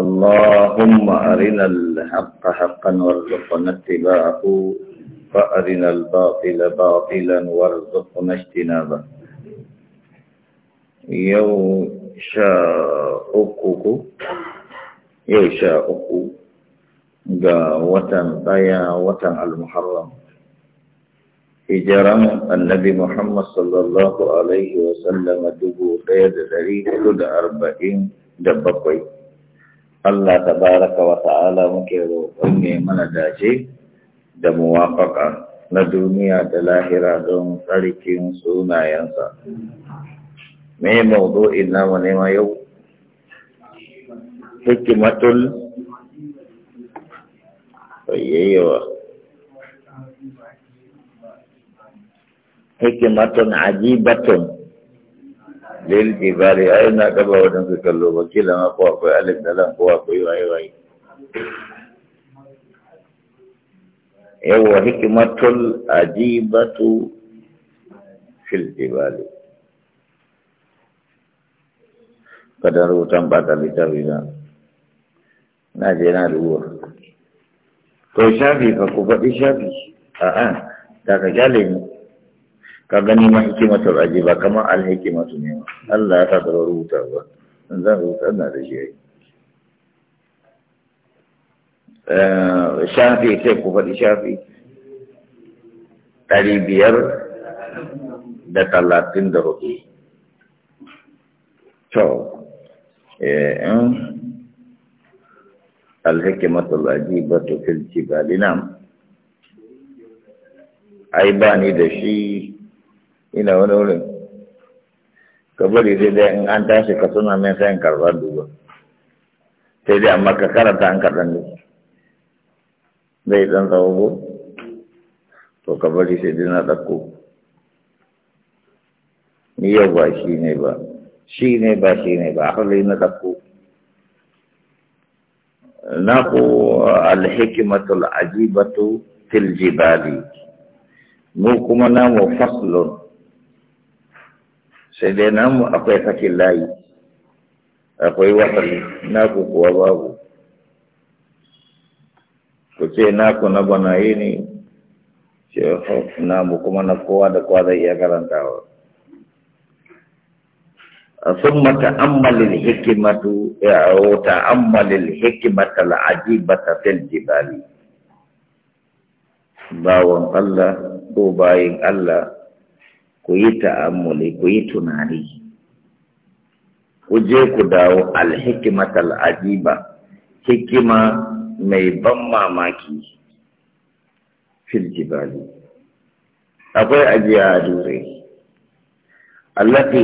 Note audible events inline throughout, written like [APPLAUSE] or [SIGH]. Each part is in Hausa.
اللهم أرنا الحق حقا وارزقنا اتباعه وأرنا الباطل باطلا وارزقنا اجتنابه يو يوشاؤك أكو يو شاء المحرم إجرام النبي محمد صلى الله عليه وسلم دبو قيد ذريك دب أربعين دب Allah tabaraka wa ta'ala muke roƙon ne mana dace da muwafaka na duniya da lahira don tsarkin sunayensa. Me mawdu'in ina ne ma yau? Hikimatul Fayyayewa. Hikimatun ajibatun lil jibali ai na gaba wajen su kallo ba kila ma ko akwai alif da lam ko akwai waye waye yawwa hikmatul ajibatu fil jibali kada rubutan ba ta littafi na na je na ruwa to shafi ka ku faɗi shafi a'a daga jalimi ka gani ma hikimatar aji ba kamar alhikimatu ne Allah ya sa da rubuta ba in zan rubuta ina da shi eh, shafi sai ku faɗi shafi ɗari biyar da talatin da hudu to eh, alhikimatul ajibatu fil ba nam ai ba ni da shi ina wani wurin ka bari sai dai in an tashi ka suna min sai in karɓar duba sai dai amma ka karanta an karɓar duba zai ɗan tsawo ko to ka bari sai dai na ɗauko ni yau ba shi ne ba shi ne ba shi ne ba hali na ɗauko naku alhikimatul ajibatu fil jibali mu kuma namu faslun sai dai namu akwai sakin layi akwai wahali naku kuwa babu ku ce naku na bana yi ne ce namu kuma na kowa da kowa zai iya karantawa a sun mata ammalin hikimatu ya wuta ammalin hikimata la'ajiba ta fil jibali bawon Allah ko bayin Allah ku yi ta'ammuli ku yi tunani ku je ku dawo alhikimatal ajiba hikima mai ban mamaki fil jibali akwai ajiya a dutse allati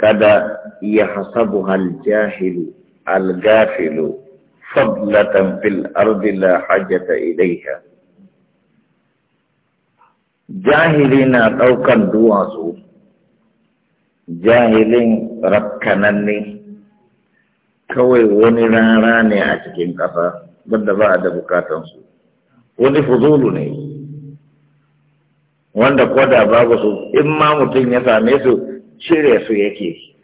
kada ya hasabu hal jahilu al gafilu fadlatan fil ardi la hajata ilaiha jahili na ɗaukan duwatsu jahilin ne kawai wani rara ne a cikin ƙasa banda ba a da bukatansu wani fuzulu ne wanda kwada babu su in ma mutum ya same su cire su yake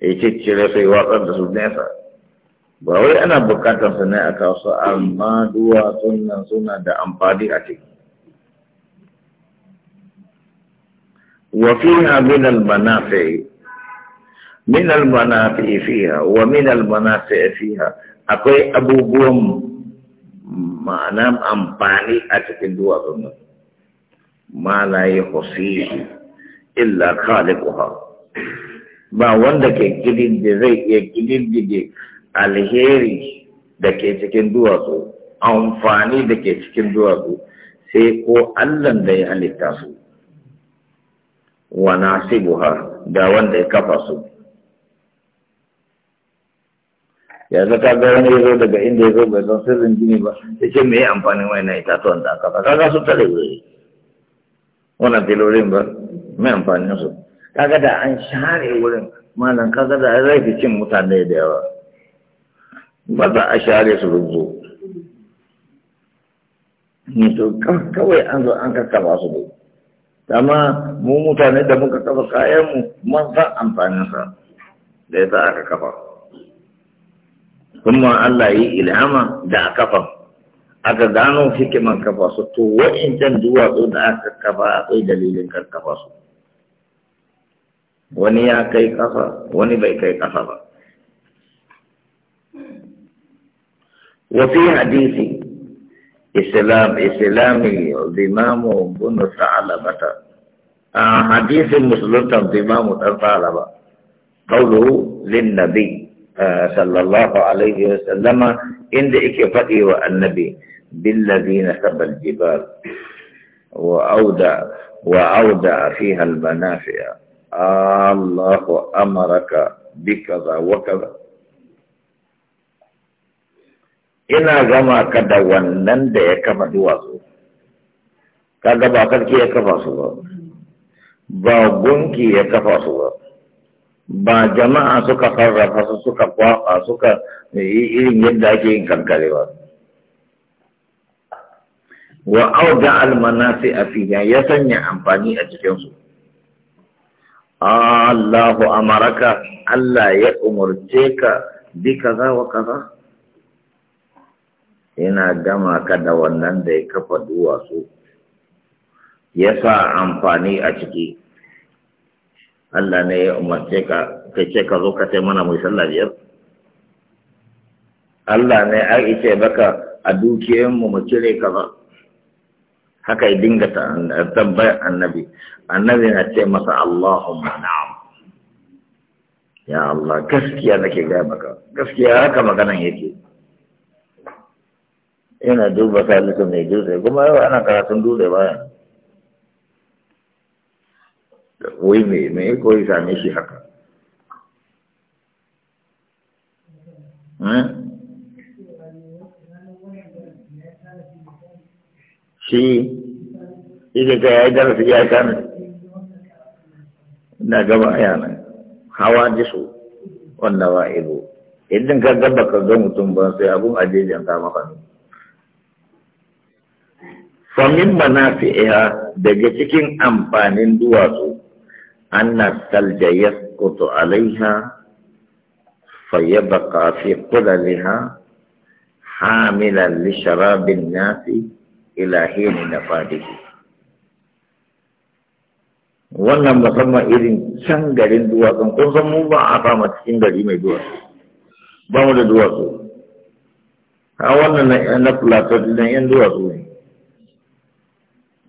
ya cire su watsar da su nesa ba wai ana bukatansu ne a kawo amma duwatsun nan suna da amfani a ciki Wa وفيها من المنافع من المنافع فيها ومن المنافع فيها akwai abubuwan ma'ana amfani a cikin duwatsun nan ma la yi husihi illa khaliquha ba wanda ke kidin zai iya kidin alheri da ke cikin duwatsu amfani da ke cikin duwatsu sai ko allan da ya halitta su wa nasibuha da wanda ya kafa su Ya ka ga wani yazo daga inda yazo bai san sirrin jini ba ya ce me amfanin wayannan itatuwan da aka fa kaga su tare wuri wannan filolin ba me amfanin su kaga da an share wurin malam kaga da zai fi cin mutane da yawa ba za a share su rubu ni to kawai an zo an kakkaba su ne Sama mu mutane da muka kafa kayanmu man san amfaninsa da ya sa aka kafa kuma Allah yi ilhama da a kafa aka gano hikiman kafa su to wa'incan duwatsu da aka kafa akwai dalilin kan kafa su wani ya kai kafa wani bai kai kafa ba وفي hadisi. إسلام إسلامي ضمام بن ثعلبة حديث مسلم ضمام ثعلبة قوله للنبي صلى الله عليه وسلم عند إكفتي والنبي بالذي نسب الجبال وأودع وأودع فيها المنافع الله أمرك بكذا وكذا ina gama ka da wannan da ya kafa duwatsu kaga ba karki ya kafa su ba ba gunki ya kafa su ba ba jama'a suka sarrafa su suka kwafa suka irin yadda ake yin kankare ba wa auda almanasi a fiya ya sanya amfani a cikinsu Allahu amaraka Allah ya umarce ka bi kaza wa kaza yana gama ka da wannan da ya kafa duwatsu ya sa amfani a ciki Allah ne ya umarce ka ka ce ka zo ka sai mana mai sallah biyar Allah ne a ice baka a dukiyanmu mu cire ka ba haka ya dinga tambayar annabi annabi na ce masa Allahumma na'am ya Allah gaskiya nake gaya maka gaskiya haka maganan yake yana duba salisu mai dutse kuma yau ana karatun dutse bayan wai mai mai koyi same shi haka hmm? shi ita ta ya yi darasi ya kanu na gaba yana hawa jisu wannan wa'ibu idan ka gaba ka ga mutum ban sai abun ajejanta maka ne famin manafi'iha daga cikin amfanin duwatsu anna salja yasqutu alaiha fayabqa fi qulaliha hamilan li sharabin nasi ila hin nafadihi wannan musamman irin can garin duwatsun kun san mu ba a fama cikin gari mai duwatsu ba mu da duwatsu a wannan na plateau din yan duwatsu ne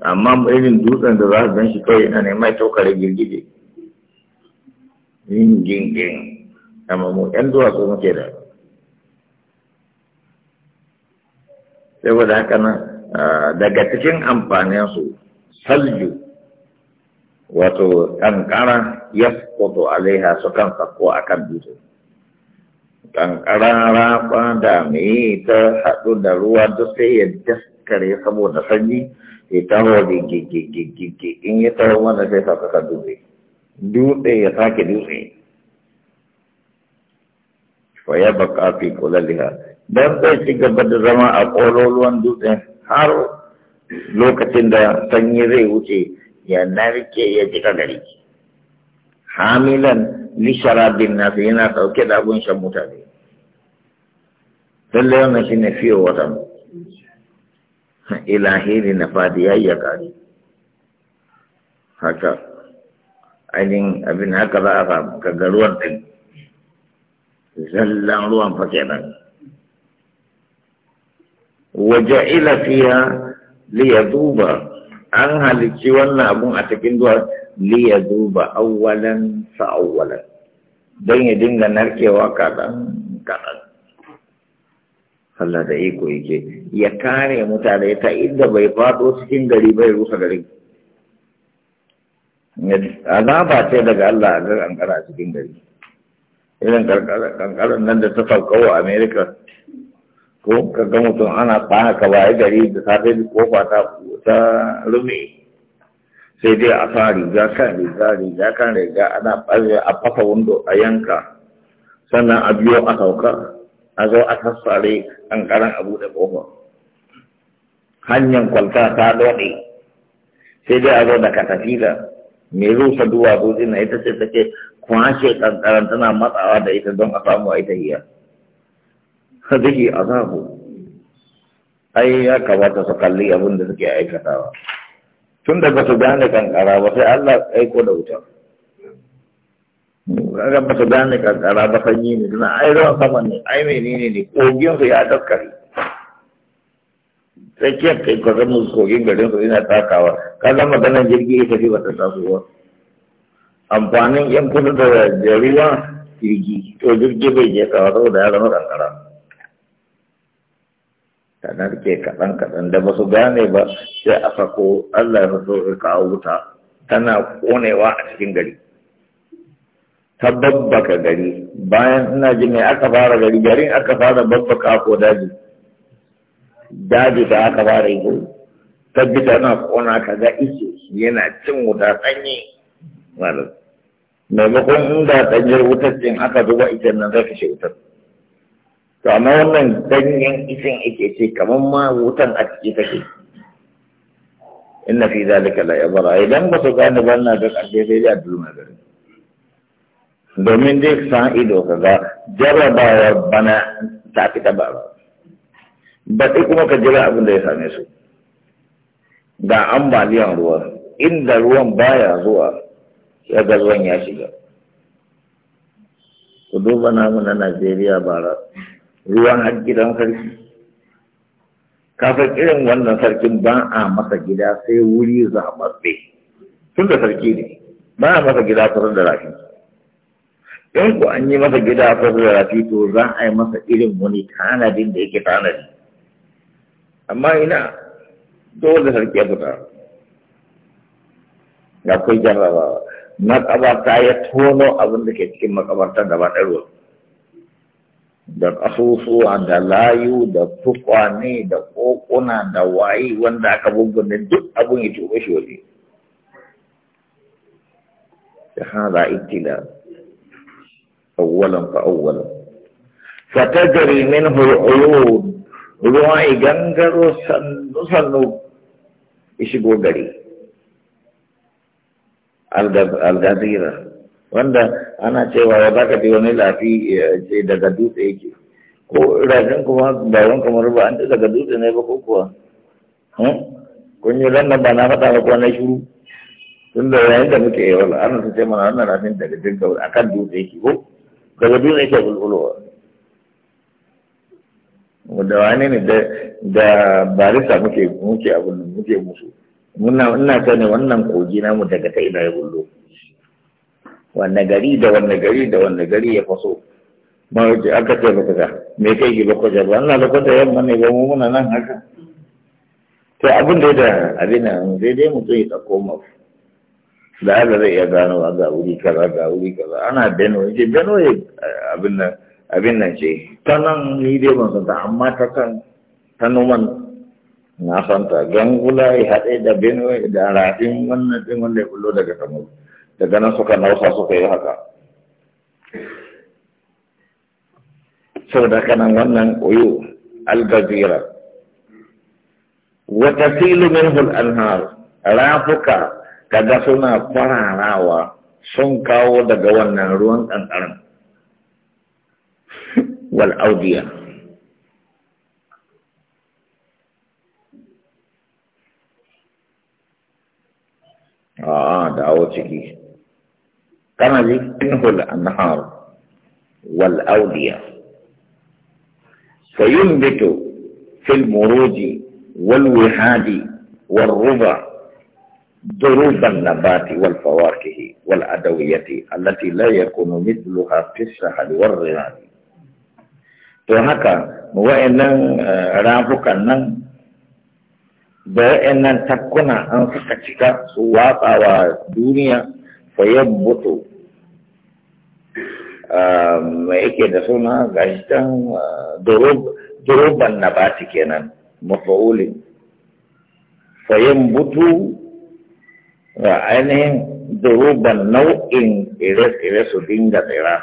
amma irin dutsen da za su gan shi kawai yana neman kare girgije yin gingin amma mu yan duwatsu muke da saboda haka nan daga cikin amfaninsu salju wato kankara ya fito alaiha su kan sako a kan dutse kankara rafa da mai ta haɗu da ruwa duk sai ya daskare saboda sanyi ya taho gigigigigigi in ya taho mana sai sa kasa dutse dutse ya sake dutse ya baka fi kulaliha dan zai ci gaba da zama a kololuwan dutsen har lokacin da sanyi zai wuce ya narke ya jika gari hamilan lisharabin nasu yana dauke da abun shan mutane lallai wannan shine fiye watan ilahiri na fadi ya yi ya ƙari haka ainihin abin haka za a samu kaga ruwan ɗin zallan ruwan fa nan. waje ilafiya fiya liya duba an halicci wannan abun a cikin duwar liya duba awwalan sa awwalan don ya dinga narkewa kaɗan kaɗan Allah da iko yake ya kare mutane ta inda bai faɗo cikin gari bai rusa gari azaba ce daga Allah ga kankara cikin gari irin kankarar nan da ta sauka wa Amerika ko ka mutum ana kwana ka gari da safe kofa ta ta rume sai dai a sa riga kan riga riga kan riga ana a fafa wando a yanka sannan a biyo a sauka a zo a sassare ƙanƙaran a buɗe ƙofa hanyar kwalta ta doɗe sai dai a zo da katafila mai rusa duwatsu ɗin ita ce take kwashe ƙanƙaran tana matsawa da ita don a samu a ita hiyar a azabu ai ya kamata su kalli abin da suke aikatawa tun da ba su gane kankara ba sai Allah aiko da wuta ga ba su gane kankara ba sanyi ne suna ai ruwan sama ne ai menene ne kogin su ya daskare tsakiyar kai kwazon musu kogin garin su ina takawa ka zama maganar jirgi ita ce ba ta taso amfanin yan kudu da jariwa jirgi to jirgi bai je tsawa saboda ya zama kankara tana ke kaɗan kaɗan da basu su gane ba sai a sako allah ya so kawo wuta tana konewa a cikin gari ta babbaka gari bayan ina ji mai aka fara gari garin aka fara babbaka ko daji daji da aka fara yi tabbita na kona ka ga ice yana cin wuta sanyi malam maimakon inda tanyar wutar cin aka zuba ita nan zai kashe wutar to amma wannan ganyen isin ake ce kamar ma wutan a ciki take inna fi zalika la yabara idan ba su gane ba na da kalle sai da dulma garin domin dai san ido ka ga jarabawa bana ta fi taba ba sai kuma ka jira abin da ya same su ga ambaliyan ruwa inda ruwan baya zuwa ya ga ruwan ya shiga ku duba namu na najeriya bara ruwan har gidan sarki kafin irin wannan sarkin ba a masa gida sai wuri zaɓaɓɓe tun da sarki ne ba a masa gida tare da rafi in ku an yi masa gida ko zarafi to za a yi masa irin wani tanadin da yake tanadi amma ina dole sarki ya fita ga kai jarrabawa makabarta ya tono abin da ke cikin makabartar da ba ɗarwa da ƙasusuwa da layu da tukwane da ƙoƙuna da wayi wanda aka bubbune duk abin ya tuɓe shi waje da hada ittila awwalan fa awwalan fatajri minhu al-uyun ruwa igangaro sannu sannu ishigo gari al-gadira wanda ana cewa ya baka bi wani lafi ce daga dutse yake ko rajin kuma ba wani kamar ba an ce daga dutse ne ba ko kuwa kun yi ran ba na faɗa ba kuwa na shiru tun da yayin da muke yawa ana su ce mana wannan rafin daga jirga a kan dutse yake ko daga biyu yake bulbulowa da wani ne da da barista muke muke abin muke musu muna ina ta ne wannan kogi mu daga ta ina ya bullo wanne gari da wanne gari da wanne gari ya faso ma aka ce baka ga me kai ki lokota ba ina lokota yamma ne ba mu muna nan haka to abin da da abin nan daidai mutum ya tsakko mafi da haka zai iya gano ga wuri kaza ga wuri kaza ana beno ce Benue abin nan abin nan ce ta nan ni dai ban san ta amma ta kan ta noman na san ta gangula ya haɗe da Benue da rafin wannan din wanda ya bullo daga Kano daga nan suka nausa suka yi haka saboda kanan wannan koyo al-gazira wa tasilu minhu al rafuka kada suna kwararawa sun kawo daga wannan ruwan ƙanƙarin wal'audiya a dawo ciki kana ji inhul annahar wal'audiya fayun bito fil muruji wal wihadi wal ruba Duruban nabati wal fawakihi wal adawiyati allati la yakunu mithluha fi shahr war rihan to haka wa'annan uh, rafukan nan da wa'annan takkuna an suka cika su watsa wa duniya fa yabutu um yake da suna gashi dan uh, durub durban nabati kenan mafaulin fa yabutu ainihin duruban nau'in tsire-tsire su dinga tsira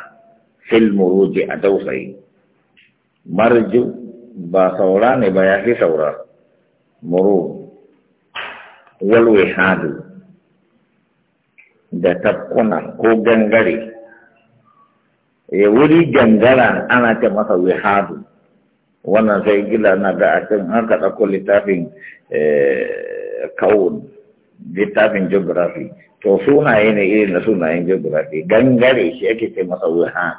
fil muruji a dausayi marju ba saura ne ba ya fi saura muru walwe hadu da tafkuna ko gangare ya wuri gangara ana ce masa wihadu wannan sai gila na da a cikin haka ɗauko littafin eh, kawun littafin geography to sunaye ne irin na sunayen geography gangare shi ake ce masa wuhan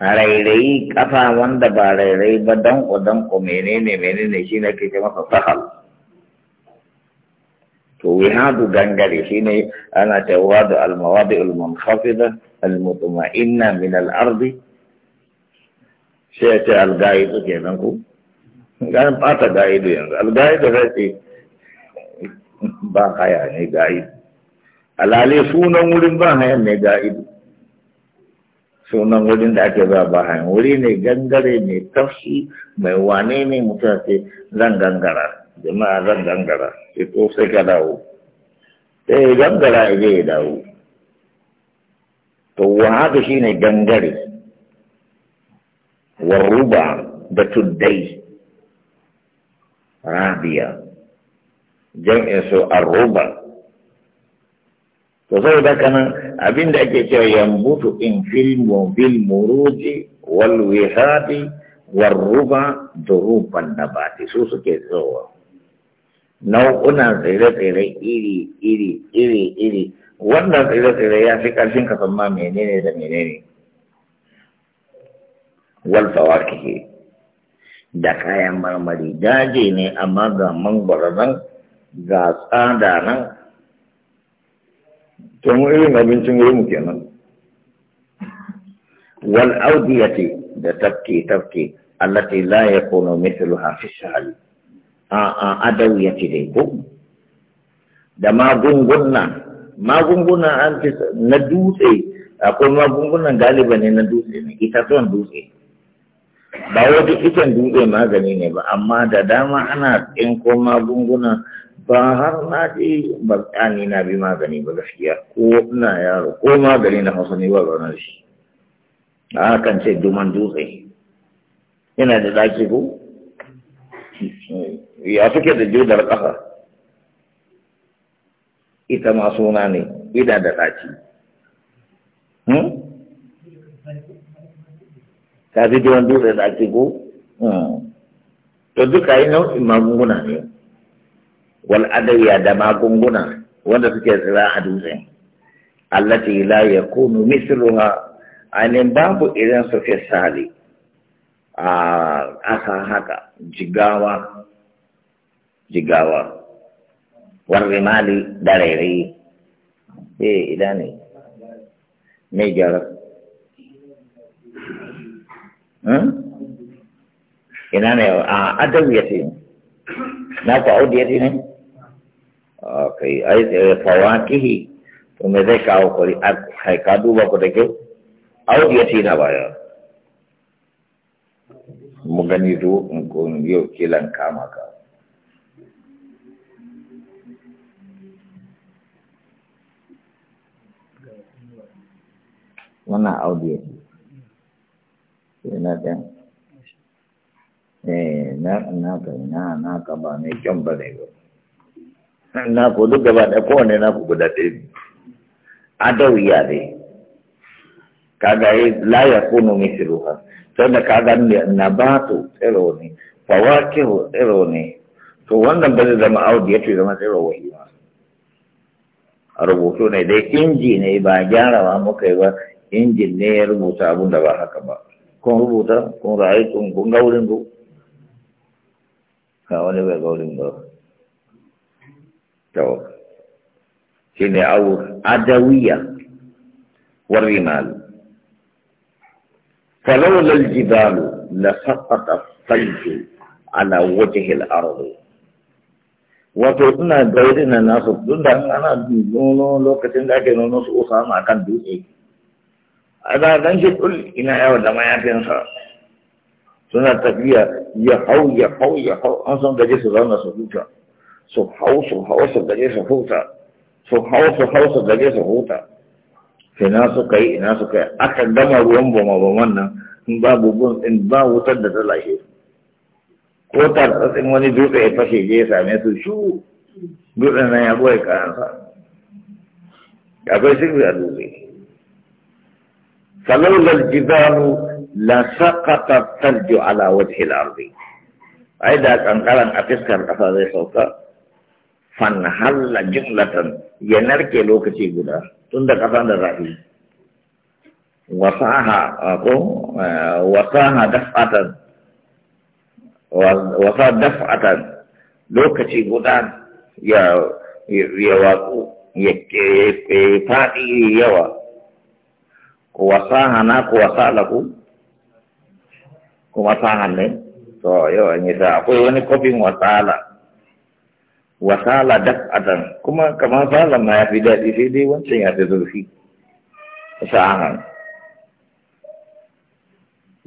rairayi kafa wanda ba rairayi ba danko danko menene menene shi ne ke ce masa sahal to wihadu gangare shi ne ana ce wadu almawadi almunkhafida almutma'inna min al sai ya ce al-gaidu kenan ku ga bata gaidu yanzu da zai sai ba haya ne ga idu alale sunan wurin ba hayan ne ga idu sunan wurin da ake ba ba hayan wuri ne gangare mai tafi mai wane ne mutum zan gangara jama'a zan gangara sai to sai ka dawo sai gangara ya ya dawo to wa haka ne gangare warruba da tuddai rabiya jam'in su arruba to saboda kanan abinda ake cewa yambutu in fil mobil muruji wal warruba, da ruba duruban nabati su suke tsowa nau'unan tsire-tsire iri iri iri iri wannan tsere-tsere ya fi ƙarfin ka ma menene da menene wal fawakih da kayan marmari daji ne amma ga mangwaro nan ga tsada nan to mu irin abincin wurin kenan wal audiyati da tafke tafke allati la yakunu mithluha fi shahri a a adawiyati dai ko da magunguna magunguna an fi na dutse akwai magungunan galiba ne na dutse ne itatuwan dutse ba wajen itan dutse magani ne ba amma da dama ana tsinko magunguna ba har na ji ba tsani na bi magani ba gaskiya ko ina yaro ko magani na hausa ne ba zaune shi a kan ce duman dutse yana da zaki ko ya suke da judar ƙasa ita ma suna ne ida da zaki ta hmm? fi duman dutse zaki ko hmm. to duka yi nau'in magunguna ne wal adayya da magunguna wanda suke tsira a dutsen allati la yakunu mithluha anin babu irin su fi sali a asa haka jigawa jigawa warri mali da rairayi eh idan ne me gyara hmm? ina ne a adawiyatin na ku audiyati ne kai ai eh, fawakihi to me zai kawo kuri kai ka duba ku da kyau au ya ce na baya mu gani to in ko yau kilan kama ka wannan audio na ɗan eh na na na ka ba kyan ba ne na ku duk gaba da kowane na ku guda ɗaya adawiya ne kaga yi laya kunu misiruha sai da kaga na batu tsiro ne fawakihu tsiro ne to wannan ba zai zama audi ya ce zama tsiro wahi ma a rubutu ne dai inji ne ba gyarawa muka yi ba injin ne ya rubuta abun da ba haka ba kun rubuta kun ra'ayi kun ga wurin ku ka wani bai ga wurin ba to shine au adawiya والرمال فلولا الجبال لسقط الثلج على وجه الأرض وتوتنا غيرنا ناس تندان أنا نونو لو كتن ذاك نونو سوسام دوني أنا دنجي تقول إن يا ولا ما يفين صار سنة تكبير يحو يحو يحو أنصن دجس زمان سوتشا su hau su hau su gaje su huta su hau su hau su gaje su huta ina suka yi ina suka yi aka gama ruwan boma boman nan in ba bugun, in ba wutar da ta lashe ko tartsatsin wani dutse ya fashe je ya same su shu dutsen nan ya goya kayansa akwai sirri a dutse falawlar jibalu la saqata tarju ala wajhi al-ardi ai da kankaran a fiskar kasa zai sauka fan halla jumlatan ya narke lokaci guda tun da kasan da zafi wasaha ko wasaha daf'atan wasa daf'atan lokaci guda ya ya watsu ya fadi yawa wasaha na ku wasala ku kuma sahan ne to yawan ne da akwai wani kofin wasala wasala dak adan kuma kamar salam ma ya fi daɗi sai dai wancan ya fi zurfi sa'an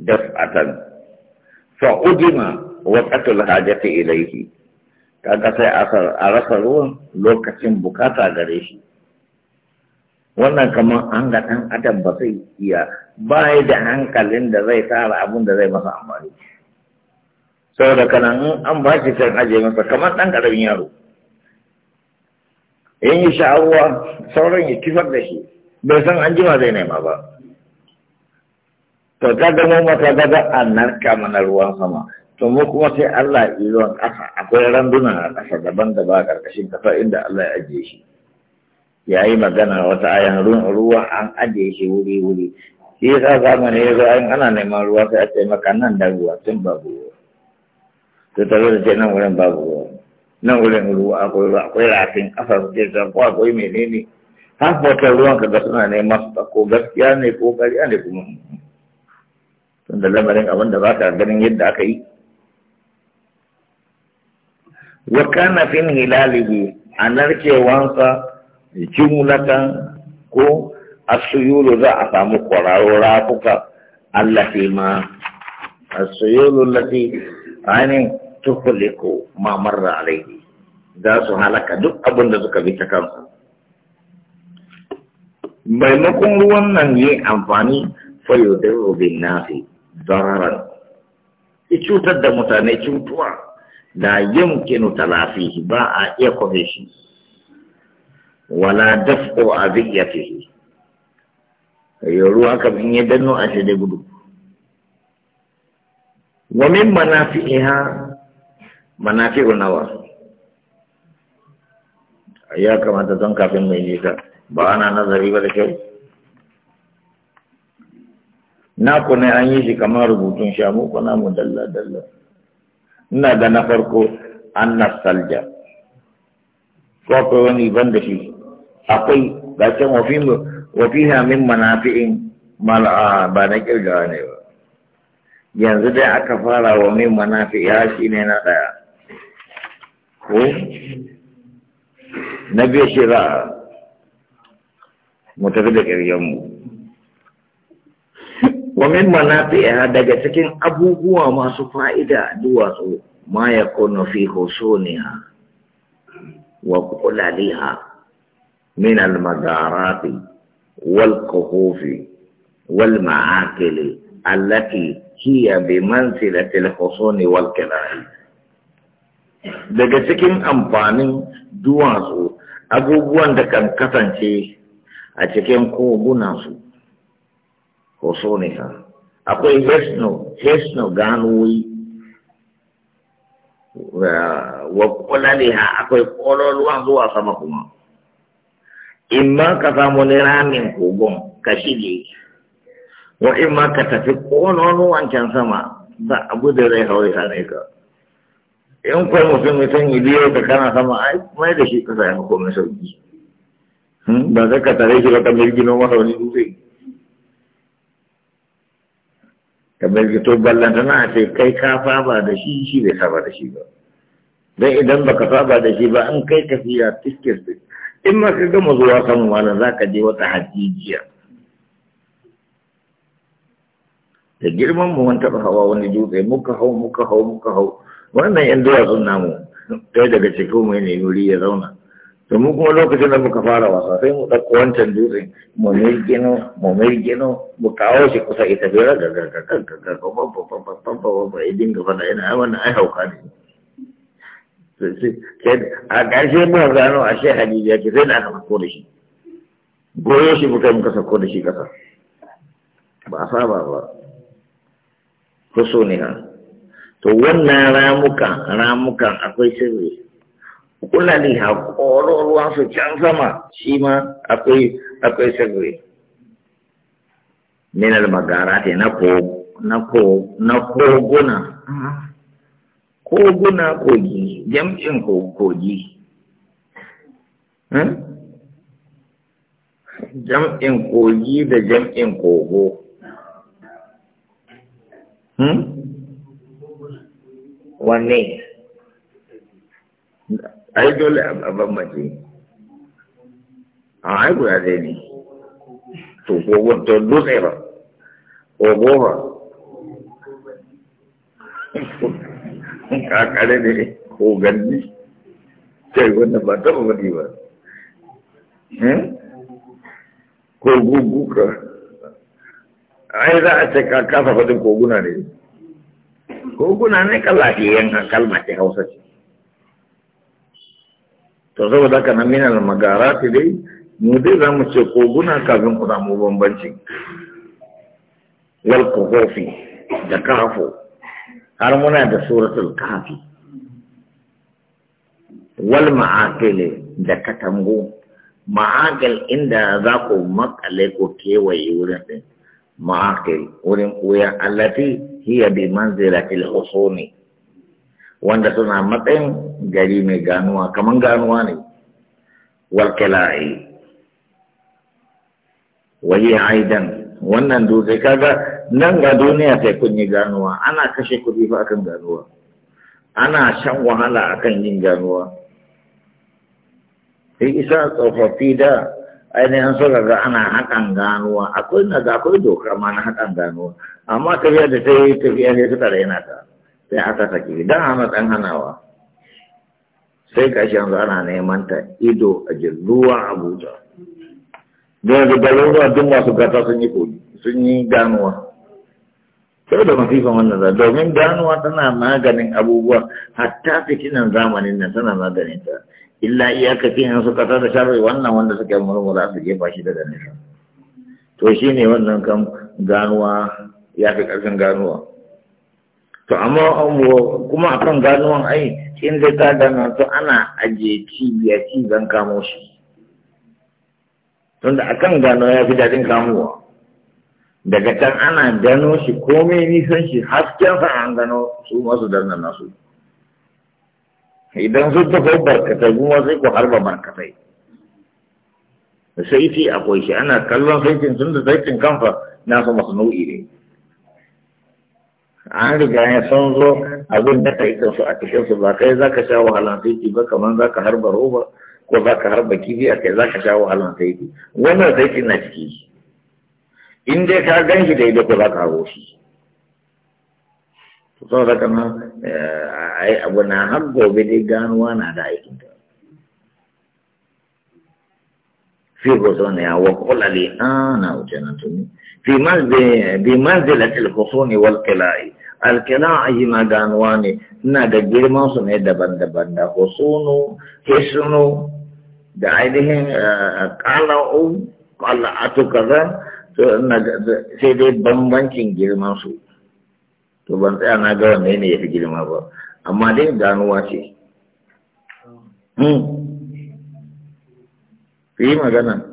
dak adan fa udima qatul hajati ilayhi kaga sai a rasa ruwan lokacin bukata gare shi wannan kamar an ga ɗan adam ba zai iya ba da hankalin da zai tara abun da zai masa amfani saboda da in an ba shi kan aje masa kamar ɗan ƙaramin yaro in yi sha'awa sauran ya kifar da shi bai san an jima zai nema ba to ka gamo mata gaza a narka mana ruwan sama to mu kuma sai Allah yi ruwan ƙasa akwai randuna a ƙasa daban da ba a ƙarƙashin ƙasa inda Allah ya ajiye shi ya yi magana wata ayan ruwan an ajiye shi wuri-wuri shi yasa zamani ya zo ana neman ruwa sai a ce maka nan da ruwa tun babu ruwa da ta zo da ce nan wurin babu ruwa nan wurin ruwa akwai ruwa akwai rafin ƙasa su ce ta ko akwai menene har wata ruwan ka ga suna neman su ko gaskiya ne ko kariya ne kuma tun da lamarin abin da ba ka ganin yadda aka yi wa kana fin hilalihi a narkewansa jumlatan ko asuyulu za a samu kwararo rafuka allafi ma asuyulu lati ainihin tukuliku mamarra alaihi za su halaka duk abin da suka bi ta kansu maimakon ruwan nan yi amfani fayo da rubin nafi zararan ki cutar da mutane cutuwa da kinu talafi ba a iya kwafe shi wala ya fi? yau ruwa kamin yi danno a shi da gudu wa min manafi'iha manafi'ul nawar ya kamata don kafin mai nisa ba ana nazari ba da kyau na kuna an yi shi kamar rubutun shamu kuna mu dalla dalla ina ga na farko an na salja ko akwai wani ban da shi akwai ga can wafiha min manafi'in mal'a ba na kirgawa ne ba yanzu dai aka fara wa min manafi'a shi ne na ɗaya إيه؟ نبي شراء متفدك اليوم ومن منافئ هذا جسكين أبو هو ما إذا دوا ما يكون في خصونها وقلالها من المدارات والكهوف والمعاكل التي هي بمنزلة الخصون والكلاهية daga cikin amfanin duwansu abubuwan da kan kasance a cikin kogunansu hoso ne ka akwai hesno hesno ganowi wa kulaliha akwai kololuwan zuwa sama kuma in ma ka samu ne ramin kogon ka shige wa in ka tafi kololuwan can sama ba abu da zai haure ka in kai mutum ya san biyar ka kana sama ai mai da shi ka sami mai sauki hmm, ba zai ka tare shi ba ka gino masa wani dutse ka mirgito ballantana a ce kai ka saba da shi shi bai saba da shi ba dan idan baka saba da shi ba an kai fiya tiskis in ma ka gama zuwa samun malam za ka je wata hajjijiya da girman mu mun taɓa hawa wani dutse muka hau muka hau muka hau wannan yan duwatsun namu ɗaya daga cikin mai ne wuri ya zauna to mu kuma lokacin da muka fara wasa sai mu ɗauko wancan dutsen mu mai gino mu mai gino mu kawo shi kusa ita bai raga gaga gaga gaga babba babba babba babba ya dinga fada ina ai wannan ai hauka ne a ƙarshe mu gano a shi hadijiya ki sai na ka sako da shi goyo shi mutai, yi muka sako da shi kasa. ba a saba ba so ne ha to wannan ramukan ramukan akwai sirri kulali haƙoro ruwan su can sama shi ma akwai akwai sirri minal magara ta na ko na ko na koguna koguna kogi jam'in kogi hmm? jam'in kogi da jam'in kogo hmm? wanne ayi dole a bambance a ai guda ɗaya ne to gogo to dutse ba gogo ba kakare ne ko ganni sai wannan ba taɓa wani ba hmm? ko ka ai za a ce ka kasa faɗin koguna ne ko kuna ne kalla kalma ce hausa ce to saboda haka nan minal magarati dai mu dai za mu ce koguna kafin ku samu bambanci wal kofofi da kafo har muna da suratul kafi wal ma'akile da katangu ma'akil inda za ku makale ko kewaye wurin ɗin, ma'akil wurin koyan allati hiya bi manzilatil husumi wanda suna matsayin gari mai ganuwa kaman ganuwa ne wal kala'i wahi aidan wannan dutse kaga nan ga duniya sai kun yi ganuwa ana kashe kuɗi ba akan ganuwa ana shan wahala akan yin ganuwa sai isa tsofaffi da ainihin suka ana hakan ganuwa akwai na ga akwai dokar ma na hakan ganuwa amma tafiya da ta yi tafiya sai suka raina ta sai aka saki don hana ɗan hanawa sai kashi yanzu ana neman ta ido a jirruwa abuja don yanzu garuruwa duk masu gata sun yi sun yi ganuwa sai da masifan wannan zan domin ganuwa tana maganin abubuwa hatta fitinan zamanin nan tana maganin ta illa iyakaci su kasar da sharri wannan wanda suke murmura su jefa shi daga nesa to shi ne wannan kan ganuwa ya fi ƙarfin ganuwa to amma kuma akan ganuwan ai in zai ta gano to ana ajiye cibiya cizon kamo shi tunda akan gano ya fi daɗin kamuwa daga can ana gano shi komai nisan shi haskensa an gano su masu danna nasu idan sun tafi barkatai kuma sai ku harba barkatai saiti akwai shi ana kallon saitin sun da saitin kanfa nasu masu nau'i ne an riga ya san zo abin da ka yi su a cikin su ba kai zaka sha wahalan saiti ba kamar zaka harba roba ko zaka harba kifi a kai zaka sha wahalan saiti wannan saiti na ciki in dai ka gan shi da ko za ka hago shi to saboda a yi eh, abu na har gobe dai ganuwa na da aikin ta fi gozon ya wa na wuce na tuni. fi manzil bi manzilatil a wal qila'i al qila'i na ganuwa ne ina da girman su ne daban-daban da khusunu hisnu da ainihin eh, qala'u kala'atu kaza sai dai bambancin girman su to ban tsaya na ga wanne ne ya fi girma ba amma dai ganuwa ce hmm. yi magana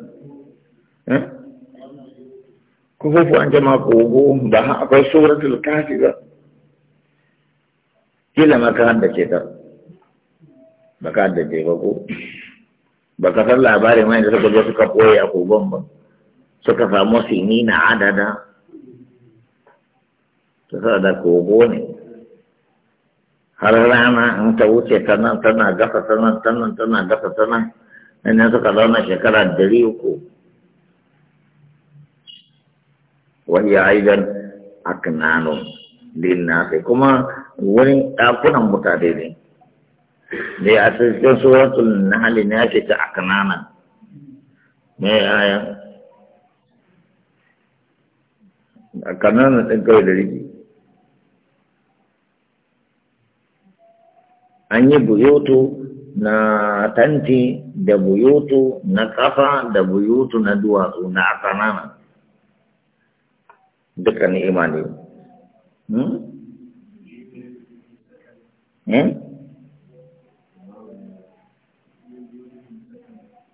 hmm. kufufu an jama kogo ba akwai suratul kafi ba kila maka da ce ta baka da ke ba ko baka san labarin mai da suka zo suka koya kogon ba suka samu sinina adada ta sa da kogo ne har rana in ta wuce ta nan tana gasa ta nan ta nan tana gasa ta nan nan suka zauna shekara dari uku wani ya a kananu. aknano linnasi kuma wani ɗakunan mutane ne da a cikin suratul nahl ya ce ta kananan me ya a kananan ɗin kawai da rigi an yi buyoto na tanti da buyoto na kafa da buyoto na duwatsu na kanana duka ni'ima ne hmm? hmm?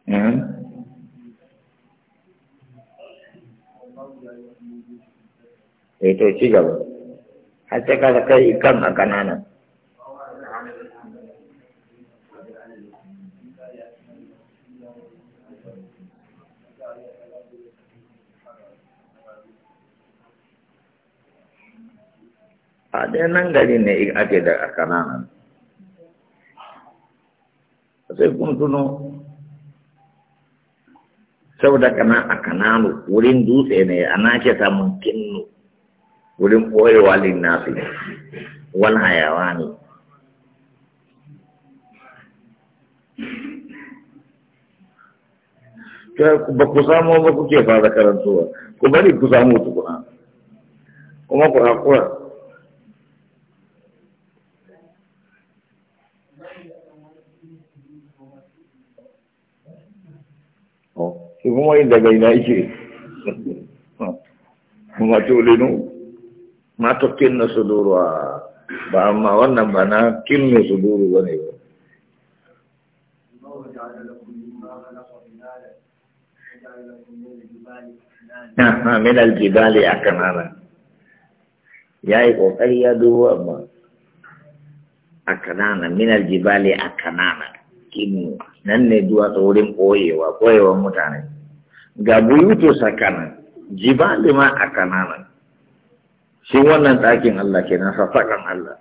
hmm? eh to ci gaba har sai ka kai kan a kananan a ɗaya nan gari ne ake da a kananan sai kun tuno sau saboda kana a kananu wurin dutse ne ana ke samun kinnu wurin ɓoyewa linnafi wani hayawa ne ba ku samu ba kuke fara karantowa ku bari ku samu tukuna kuma ku hakura oh, shi kuma inda gaina yake [LAUGHS] kuma tolinu ma to kinna suduru ba amma wannan ba na kinna suduru ba ne ba min aljibali a kanana ya yi ƙoƙari ya dubo amma a kanana min aljibali a kanana kinu nan ne duwatsu wurin ɓoyewa ɓoyewan mutane ga buyutu sakana jibali ma a kanana shi wannan ɗakin Allah ke nan sassaƙan Allah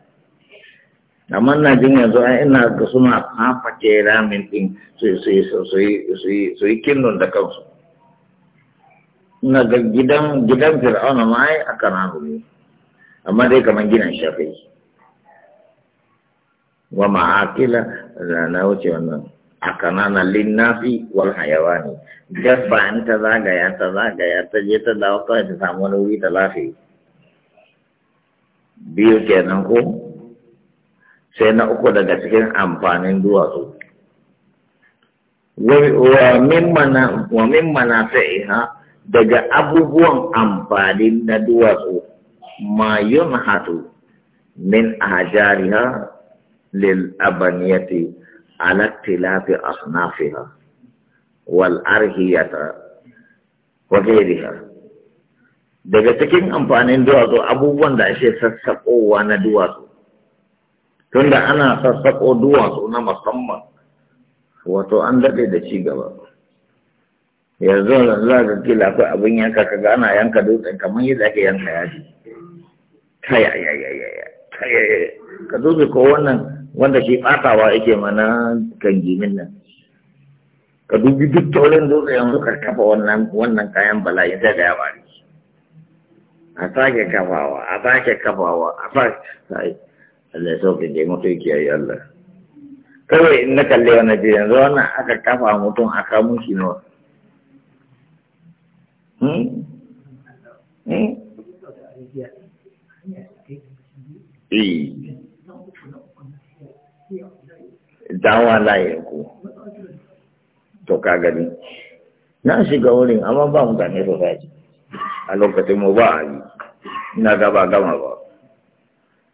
amma na jin yanzu an ina ga suna hafake ramin ɗin su yi kinnun da kansu na ga gidan gidan fir'auna ma ai a kananu ne amma dai kamar gidan shafi. wa ma'akila da na wuce wannan a kanana linnafi wal hayawani dabba an ta zagaya ta zagaya ta je ta dawo kawai ta samu wani wuri ta lafiya biyu kenan ko sai na uku daga cikin amfanin duwatsu wa min mana iha daga abubuwan amfani na duwatsu ma hatu min ahjariha lil abaniyati ala tilafi asnafiha wal arhiyata wa ghayriha daga cikin amfanin duwatsu abubuwan da ake sassaƙowa na duwatsu tunda ana sassaƙo duwatsu na musamman wato an daɗe da ci gaba yanzu za ka kila akwai abin yanka ka ana yanka dutsen kamar yadda ake yanka yaji ka dutse ko wannan wanda shi ɓatawa yake mana kan jimin nan ka dubi duk taurin dutse yanzu ka kafa wannan kayan bala'in sai da ya bari a sake kafawa a sake kafawa a sake Allah ya sauke ke mutu Allah kawai in na kalle wani ce yanzu wannan aka kafa mutum a kamun shi nawa hmm? Hmm? dawa layin ku to ka gani na shiga wurin amma ba mutane sosai a lokacin mu ba a yi ina gaba gama ba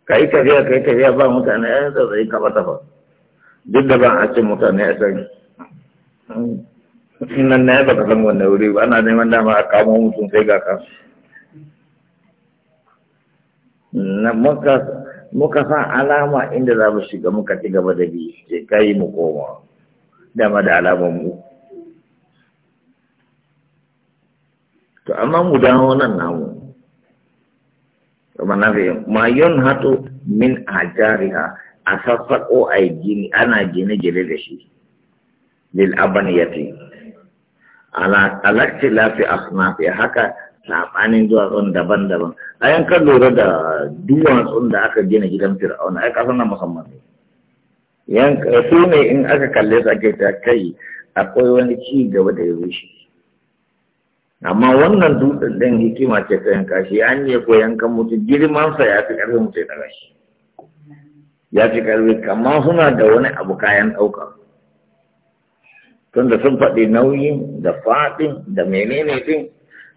ka yi tafiya ka yi tafiya ba mutane ya ka kafa tafa duk da ban a ce mutane a san nan na yaba kasan wanda wuri ba ana neman dama a kamo mutum sai ga ka muka san alama inda za mu shiga muka ci gaba da bi sai kai mu koma dama da alamar mu to amma mu da wannan namu kuma na fi mayon hatu min ajariha a o a gini ana gine-gine da shi lil abaniyati ala alakti lafi asnafi haka sabanin duwatsun daban-daban a kan lura da duwatsun da aka gina gidan fir'auna ai kasan na musamman ne yanka su in aka kalle su ake ta kai akwai wani ci gaba da ya rushe amma wannan dutsen ɗin hikima ce ta yanka shi an yi ko yankan mutu girmansa ya fi ƙarfin mutu ya shi ya fi ƙarfi kama suna da wani abu kayan ɗauka tunda sun faɗi nauyin da faɗin da menene ɗin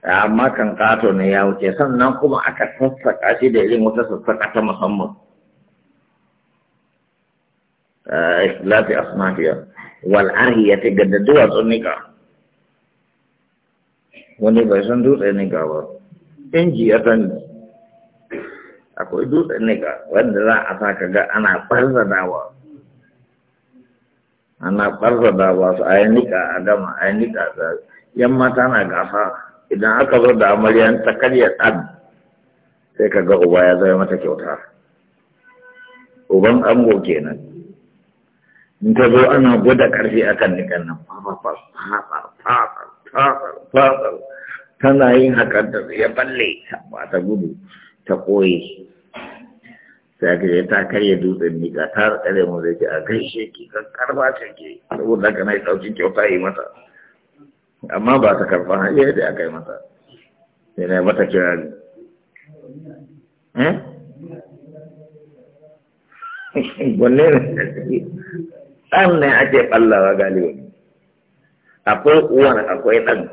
amma kan ƙato ne ya wuce sannan kuma aka sassaƙa shi da irin wata sassaƙa ta musamman ikhlasi eh, asmafiya wal'ahi ya ta duwatsun nika wani bai san dutse ne ga ba inji ya sani akwai dutse ne ga wanda za a sa ka ga ana dawa. ana barzadawa su a yi nika a gama a yi nika da yan mata na gafa idan aka zo da amaryan ta karya ɗan sai ka ga uba ya zama mata kyauta uban ango kenan in ta zo ana gwada ƙarfi akan nikan nan fafafa fafafa fafafa tana yin hakan da ya balle ba ta gudu ta koyi sai aka ta karya dutsen nika ta tsare mu zai ce a gaishe ki kan karba ta ke saboda ka na ɗauki kyauta yi mata amma ba ta karba har da aka yi mata sai na mata kira ne hmm? [LAUGHS] wanne ne ɗan ne ake ɓallawa galibin akwai uwar akwai ɗan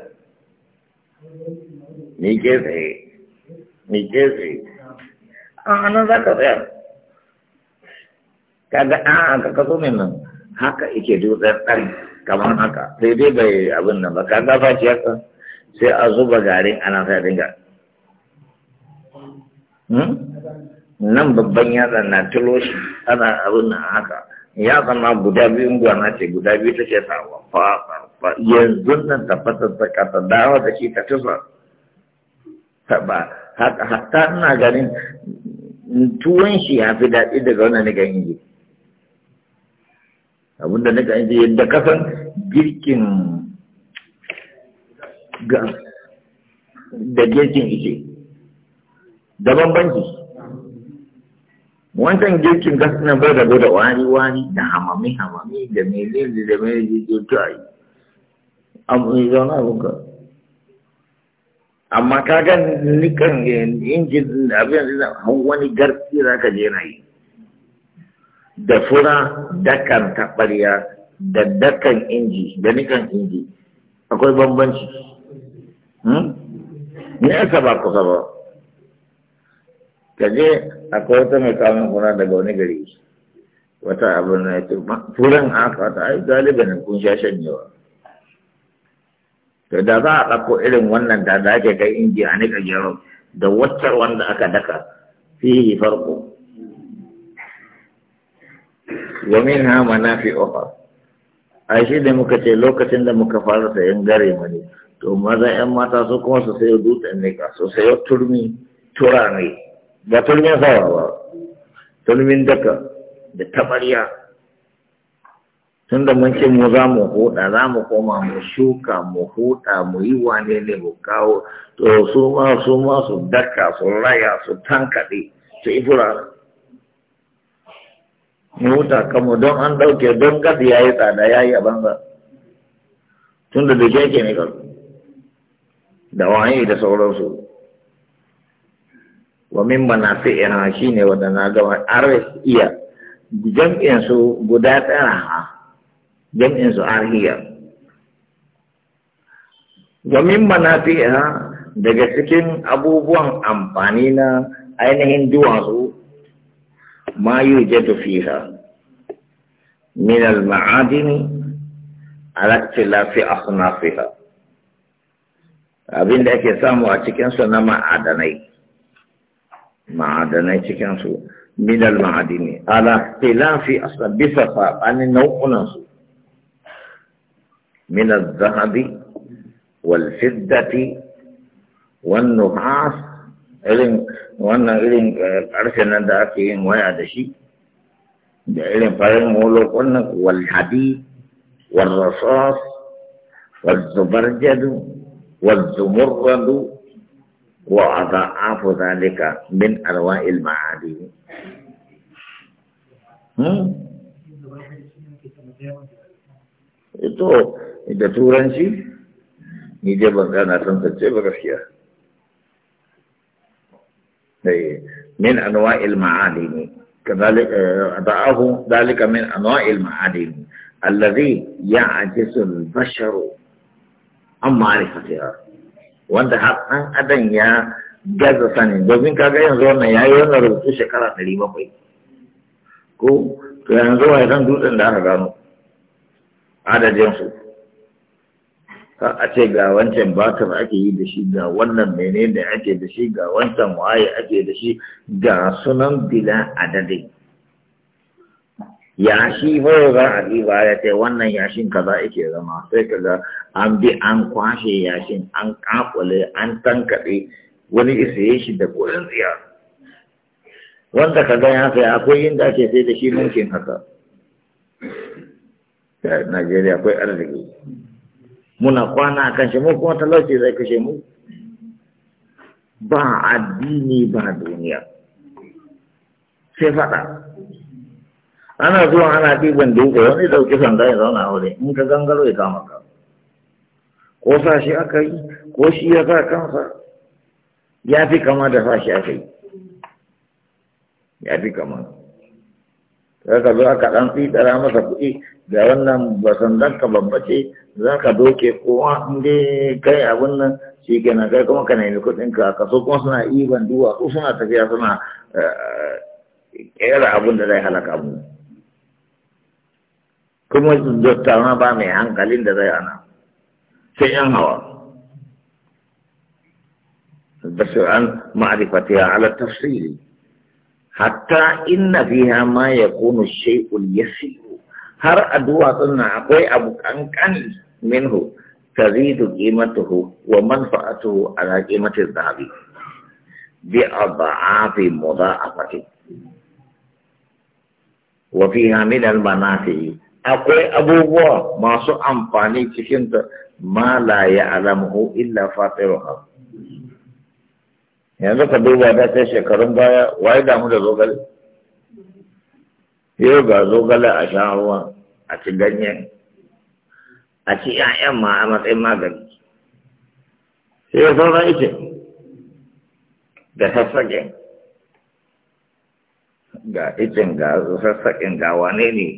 ni ke tsaye ni ke tsaye a nan za ka tsaya kaga a ka kaso nan haka ike dutsen ɗan kamar haka bai abin ba kaga fashi haka sai a zuba garin ana ya dinga hmm? nan babban yatsan na tulo ana abin haka yatsan ma guda biyu gwana ce guda biyu fa yanzu nan tabbatar ta ka ta dawo da shi ta tufa ba hatta ina ganin tuwon shi ya fi daɗi daga wannan na ganye abinda na ganye yadda kasan girkin gas da girkin ishe da bambanci wancan girkin gas na bai da da wani wani da hamami hamami da mai da mai da mai da yi. da mai amma ka ga nikan injin abin da wani garki za ka je na yi da fura dakan taɓarya da dakan inji da nikan inji akwai bambanci ne aka ba kusa ba kaje je akwai wata mai kawo fura daga wani gari wata abin na ya ce furan aka ta ai ne kun sha shanyewa to da za a ɗauko irin wannan da da ka kai inji a nika gero da waccan wanda aka daka fihi farko wa min ha fi ofa a shi da muka ce lokacin da muka fara sayan gare mani to maza yan mata su kuma su sayo dutsen nika, su sayo turmi tura Da turmin sawa ba turmin daka da tabariya tun da mun ce mu za mu huda za mu koma mu shuka mu huda mu yi wane ne mu kawo to su ma su ma su daka su raya su tankaɗe su ifura mu huta kanmu don an ɗauke don gas ya yi tsada ya yi a banza tun da da ke ne kan da waye da sauransu wa min manafi'iha shine wanda na ga ar iya jam'in su guda tara jami'in su arhiya wa min manafi'a daga cikin abubuwan amfani na ainihin duwatsu ma yujadu fiha min al-ma'adini ala ikhtilafi asnafiha abin Abinda ake samu a cikinsu na ma'adanai ma'adanai cikinsu minal ma'adini ala a suna bisa saɓanin nau'unansu من الذهب والفضة والنحاس إلين وانا إلين أرسلنا داكين ويا دشي إلين فلن قلنا والحديد والرصاص والزبرجد والزمرد وأضعاف ذلك من أنواع المعادن itu da turanci ni dai ban gana tantance ba gaskiya min anwa'il ma'adini kadhalika da'ahu dhalika min anwa'il ma'adini alladhi ya'jizu al-basharu an ma'rifatiha wanda har an adan ya gaza sani domin kaga yanzu wannan yayi wannan rubutu shekara 700 ko to yanzu wai san dutsen da aka gano adadin su kar a ce ga wancan batar ake yi da shi ga wannan menene ake da shi ga wancan waye ake da shi ga sunan bila ya yashi bai za a ɗiba ya ce wannan yashin kaza ake zama sai kaga an bi an kwashe yashin an kakule an tankaɗe wani ya shi da koyon tsiya wanda kaga ya sai akwai yin da ake sai da shi mulkin haka Najeriya akwai arziki muna kwana a kan shemu mu kuma talauci zai kashe mu ba addini ba duniya sai fada ana zuwa ana ɗiban dutse wani ɗauki sanda ya zauna a wuri in ka gangaro ya kama ka ko sa shi aka yi ko shi ya sa kansa ya fi kama da sa shi aka yi ya fi kama za ka zo aka dan tsitsara masa kuɗi da wannan basandan ka babbace za ka doke kowa dai kai abin nan shi kenan kai kuma ka nemi kuɗin ka kaso kuma suna iban ko suna tafiya suna kera eh, abin da zai halaka mu kuma dottawa ba mai hankalin da zai ana sai yan hawa basir an ma'arifatiya ala tafsiri hatta inna fiha ma yakunu shay'un yasir har a duwatsun nan akwai abu kankani minhu tazidu qimatuhu wa manfa'atuhu ala qimati dhahabi bi adha'afi mudha'afati wa fiha min al-manafi'i akwai abubuwa masu amfani cikin ta ma la ya'lamuhu illa fatiruha yanzu ka duba da ta shekarun baya waye damu da zogale yau ga zogale a sha ruwa a ci ganyen a ci ƴaƴan ma a matsayin magani sai ya zauna ita da sassaƙin ga itin ga sassaƙin ga wane ne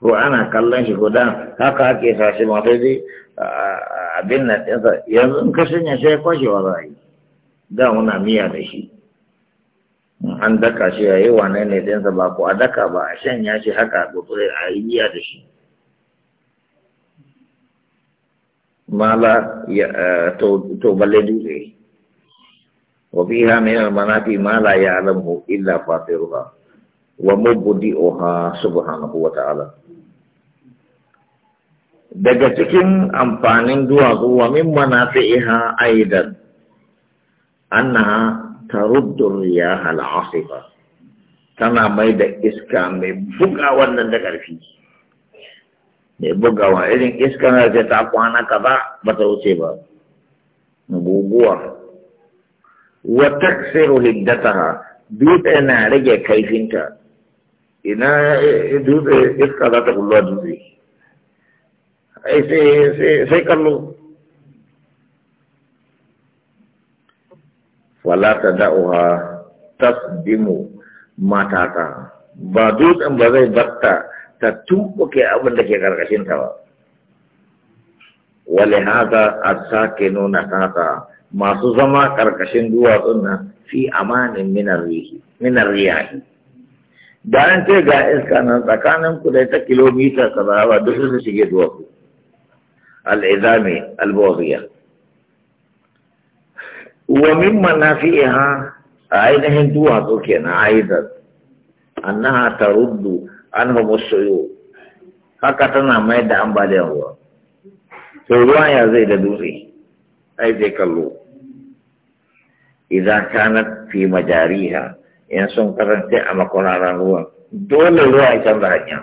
ko ana kallon shi guda haka ake sashi masu dai abin nan ɗinsa yanzu in ka ya sai wa za a yi da muna miya da shi an daka shi ya yi wane ne dinsa ba ko a daka ba a shanya shi haka gutsure a yi miya da shi mala ya eh, to balle dutse wa fiha min al-manafi ma la ya'lamu illa fatiruha wa mubdi'uha subhanahu wa ta'ala daga cikin amfanin duwatsu wa min manafi'iha aidan annaha taruddu riyah al tana mai da iska mai buga wannan da ƙarfi mai bugawa irin iska na ce ta kwana kaza ba ta wuce ba guguwa wa taksiru hiddataha dutse na rage kaifinta ina dutse iska za ta kullo dutse sai kallo wala ta da'uha tasdimu matata ba dutsen ba zai batta ta tumbuke abin da ke karkashin ta ba wale haza a sake nuna tata masu zama karkashin duwatsun nan fi amanin minar riyahi bayan ce ga iska nan tsakanin ku da ta kilomita kaza ba duk su shige duwatsu al'izami albawariya ومن منافئها أين هندوها كوكينا أيضا أنها ترد عنهم السيول هكذا ما يدعى أمبالي الله سيدوا يا زيد دوري أيدي كلو إذا كانت في مجاريها إن سنكرن تي أما كنا رانوا دول الله يتنبعنا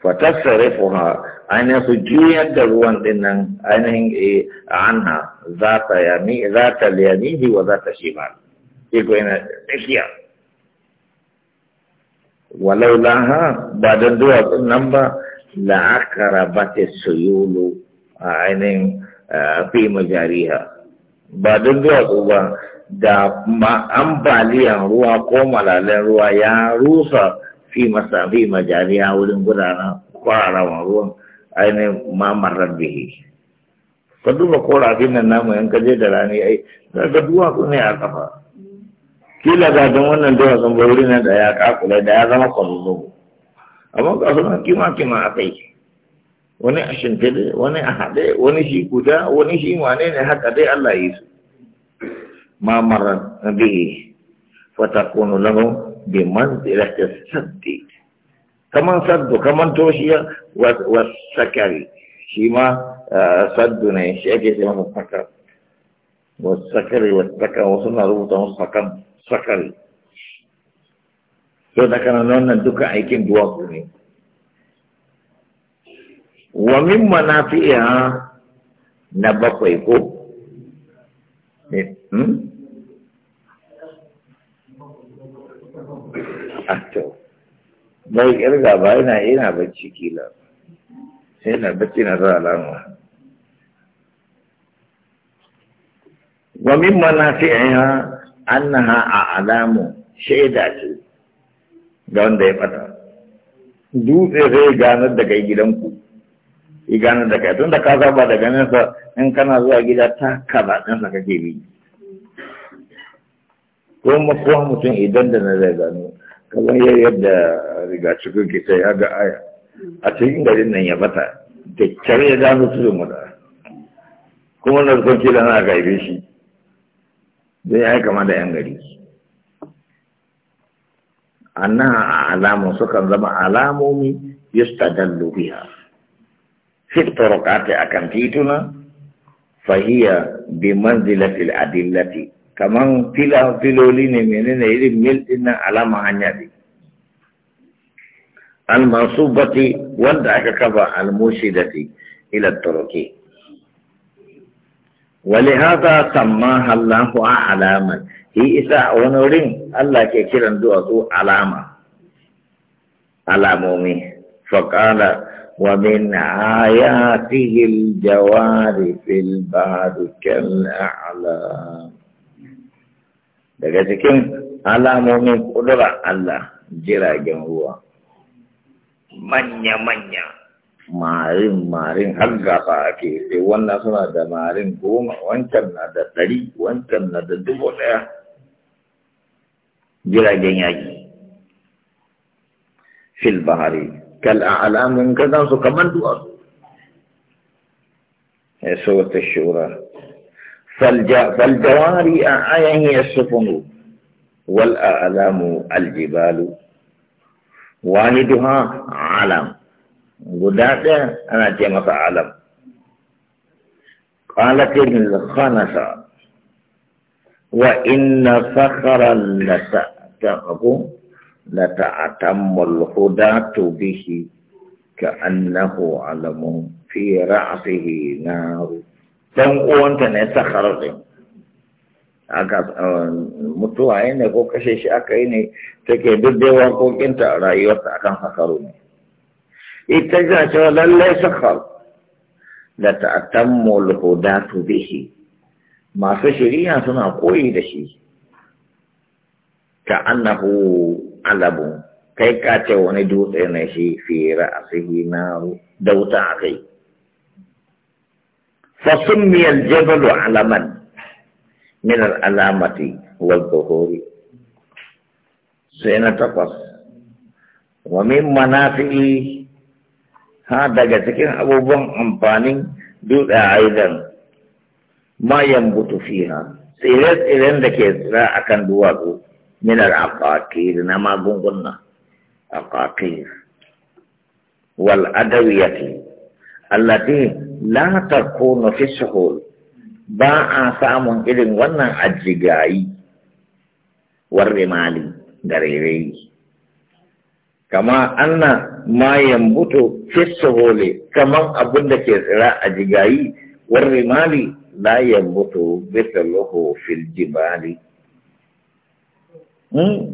فتصرفها ainihin su juyar da ruwan dinnan ainihin eh, anha za ta yami za ta liyamihi wa za ta shimal shi ko yana tsakiya walau ha ba don duwatsun nan ba la'akara ba ta suyulu a ainihin fi majariha ba don duwatsu ba da ambaliyan ruwa ko malalen ruwa ya rusa fi masa fi majariha wurin gudanar kwararawan ruwan ainihin mamarar bihi ka duba korafin nan namu yan kaje da rani ai ka duwatsu ne a kafa kila ga don wannan duwatsun ba wuri nan da ya kakula da ya zama kwallo amma ga suna kima kima a kai wani a shimfide wani a haɗe wani shi guda wani shi wane ne haka dai Allah yi su mamarar bihi fatakunu lahu bi man ta saddiq kaman saddu kaman toshiya wa sakari shi ma saddu ne shi ake sai masa sakar wa sakari wa sakar wasu na rubuta wasu sakan sakari to da kana wannan duka aikin duwatsu ne wa min manafi'a na bakwai ko hmm? Ato. Ah, bai kirga ba yana yana bacci kila sai na bacci na a alama wa min ha annaha a'lamu shaida ce ga wanda ya fata dutse zai ganar da kai gidanku ya ganar da kai tun da ka saba da ganinsa in kana zuwa gida ta kaza ɗinsa kake bi kuma makuwa mutum idan da na zai gano kamar yadda riga cikin kita ya ga aya a cikin garin nan ya bata da kyar ya gano tudun da kuma na zukon kila na gaibe shi zai ya kama da yan gari annan a alamun sukan zama alamomi yustadallu fitar fi a kan tituna fahiya bi manzilatil adillati كمان فيلا فيلولي نمينه نهيري ميل إن على ما هنيادي المنصوبة وندع كفا المرشدة إلى الطرق ولهذا سماها الله علاما هي إساء ونورين الله كيكيرا دوأتو علاما علامومي فقال ومن آياته الجوار في البعد كالأعلام daga cikin alamomin ƙudurar Allah jiragen ruwa manya-manya marin-marin har gafa ake sai wannan suna da marin goma wancan na da ɗari wancan na da dubu ɗaya jiragen yaƙi fil bahari kal alamun kazan su kamar duwatsu ya so ta shura فالجواري أعيا هي السفن والأعلام الجبال واحدها علم قداتا أنا جمع عالم قالت الخنسة وإن صخرا لتأتمه لتأتم الهداة به كأنه علم في رأسه نار dan uwanta ne sakar din aka eh, mutuwa ne ko kashe shi aka yi ne take duk dai waƙoƙinta a rayuwarta akan sakharu ne ita ga cewa lallai sakar. da ta'attammul hudatu bihi masu shari'a suna koyi da shi ka annahu alabun kai ka ce wani dutse ne shi fi ra'asihi na da wuta a kai فسمي الجبل علما من العلامة والظهور سنة تقص ومن منافعه هذا جتكين أبو بن أمباني دود أيضا ما ينبت فيها سيرت إلين دكيترا أكن دواغو من العقاقير نما بنغنا عقاقير والأدوية allati la takunu fi suhul ba a samun irin wannan ajigayi warre mali garerai kama anna ma yambuto fi suhuli kaman abin da ke tsira a jigayi warre mali la yambuto bisaluhu fil jibali hmm?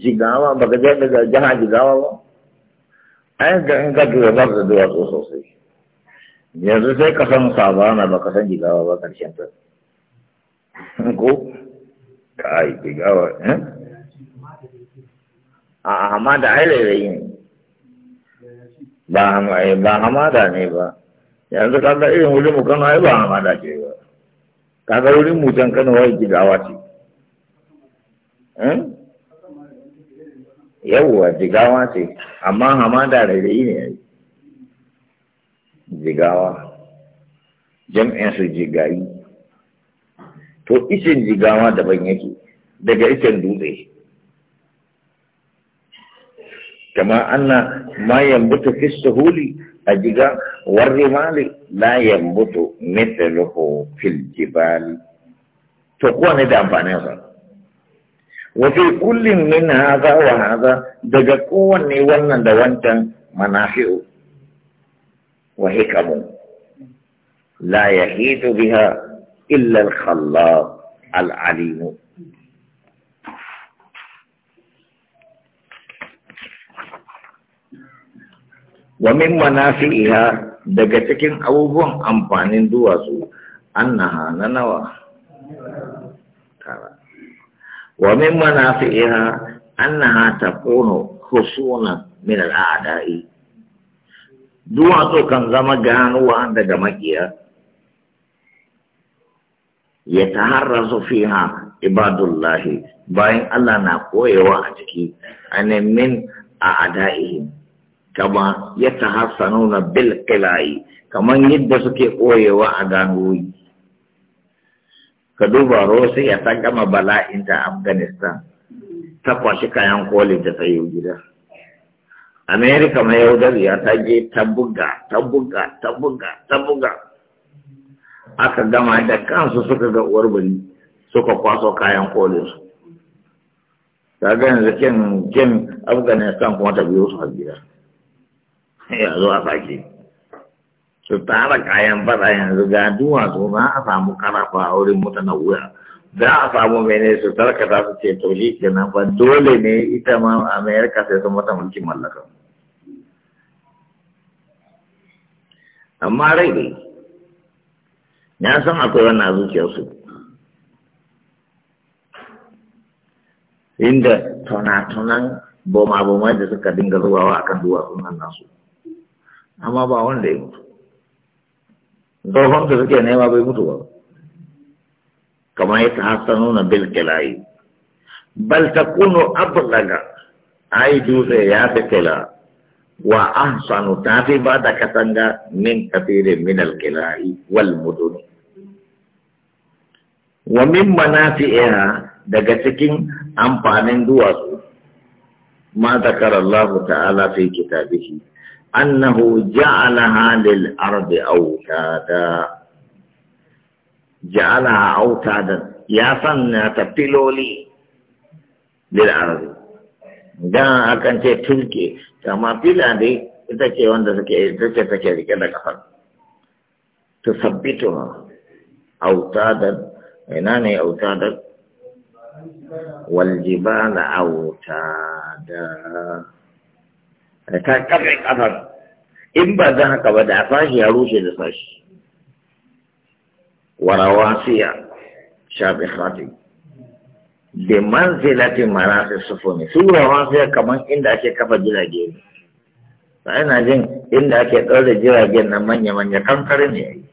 jigawa ba ga daga jiha jigawa ba ai ga in ka duba ba da duwatsu sosai yanzu sai ka san sabana ba ka san jigawa ba karshen ta ko kai jigawa eh a hamada ai rairayi ne ba hamada ne ba yanzu kaga irin wurin mu kano ai ba hamada ce ba kaga wurin mu can kano wai jigawa ce eh? yawwa jigawa ce amma hamada rairayi ne yayi jigawa jam'in su jigayi to isin jigawa daban yake daga isin dutse kama anna ma yambutu fi suhuli a jiga mali la yambutu mithluhu fil jibali to kuwa ne da sa wafi kullum min haza wa haza daga kowanne wannan da wancan manafi'u wa hikamu la ya biha illa al-khallab wa min manafi'iha daga cikin abubuwan amfanin duwatsu an na nawa ومن منافئها أنها تكون خصونا من الأعداء duwatsu kan zama ganuwa daga makiya ya ta fi ha ibadullahi bayan Allah na koyewa a ciki anin min a ada'ihim kama ya ta hassanu na bil kilayi kamar yadda suke koyewa a ganuwoyi ka duba Rosiya ta gama bala'in ta Afghanistan ta kwashi kayan koli ta yi gida. Amerika mai yaudariya ta je ta buga, ta buga, ta buga, ta buga. Aka gama da kansu suka ga uwar suka kwaso kayan su Ta ga da kin Afghanistan kuma ta biyo su a gida. Ya zo a sake. su tara kayan bada yanzu ga duwatsu za a samu karafa a wurin wuya, za a samu mene su tarkata su ce to kenan ba dole ne ita ma amerika sai sun mata mulkin mallaka amma rai ne san akwai wannan su inda tunatunan boma boma da suka dinga zuwa akan duwatsun nan nasu amma ba wanda ya mutu tsohon da suke nema bai mutu ba kamar yadda hassanu na bil kilayi bal takunu ablaga ai dutse ya fi kila wa ahsanu ta fi ba da katanga min kafirin min alkilayi wal muduni wa min manafi'iha daga cikin amfanin duwatsu ma zakara Allah ta'ala fi kitabihi أنه جعلها للأرض أوتادا جعلها أوتادا يا صنع تبتلولي للأرض da akan ce turke kama fila dai ita ce wanda suke ita ce a rike da kafar to sabbito autadan ina ne autada ta kafe kafar in ba zan haka ba da a sashi ya rushe da sashi warawa siya shafi khati da manzilatin marasi mara su warawa siya kamar inda ake kafa jirage ne ba ina jin inda ake ɗaure jiragen na manya-manya kankare ne ya yi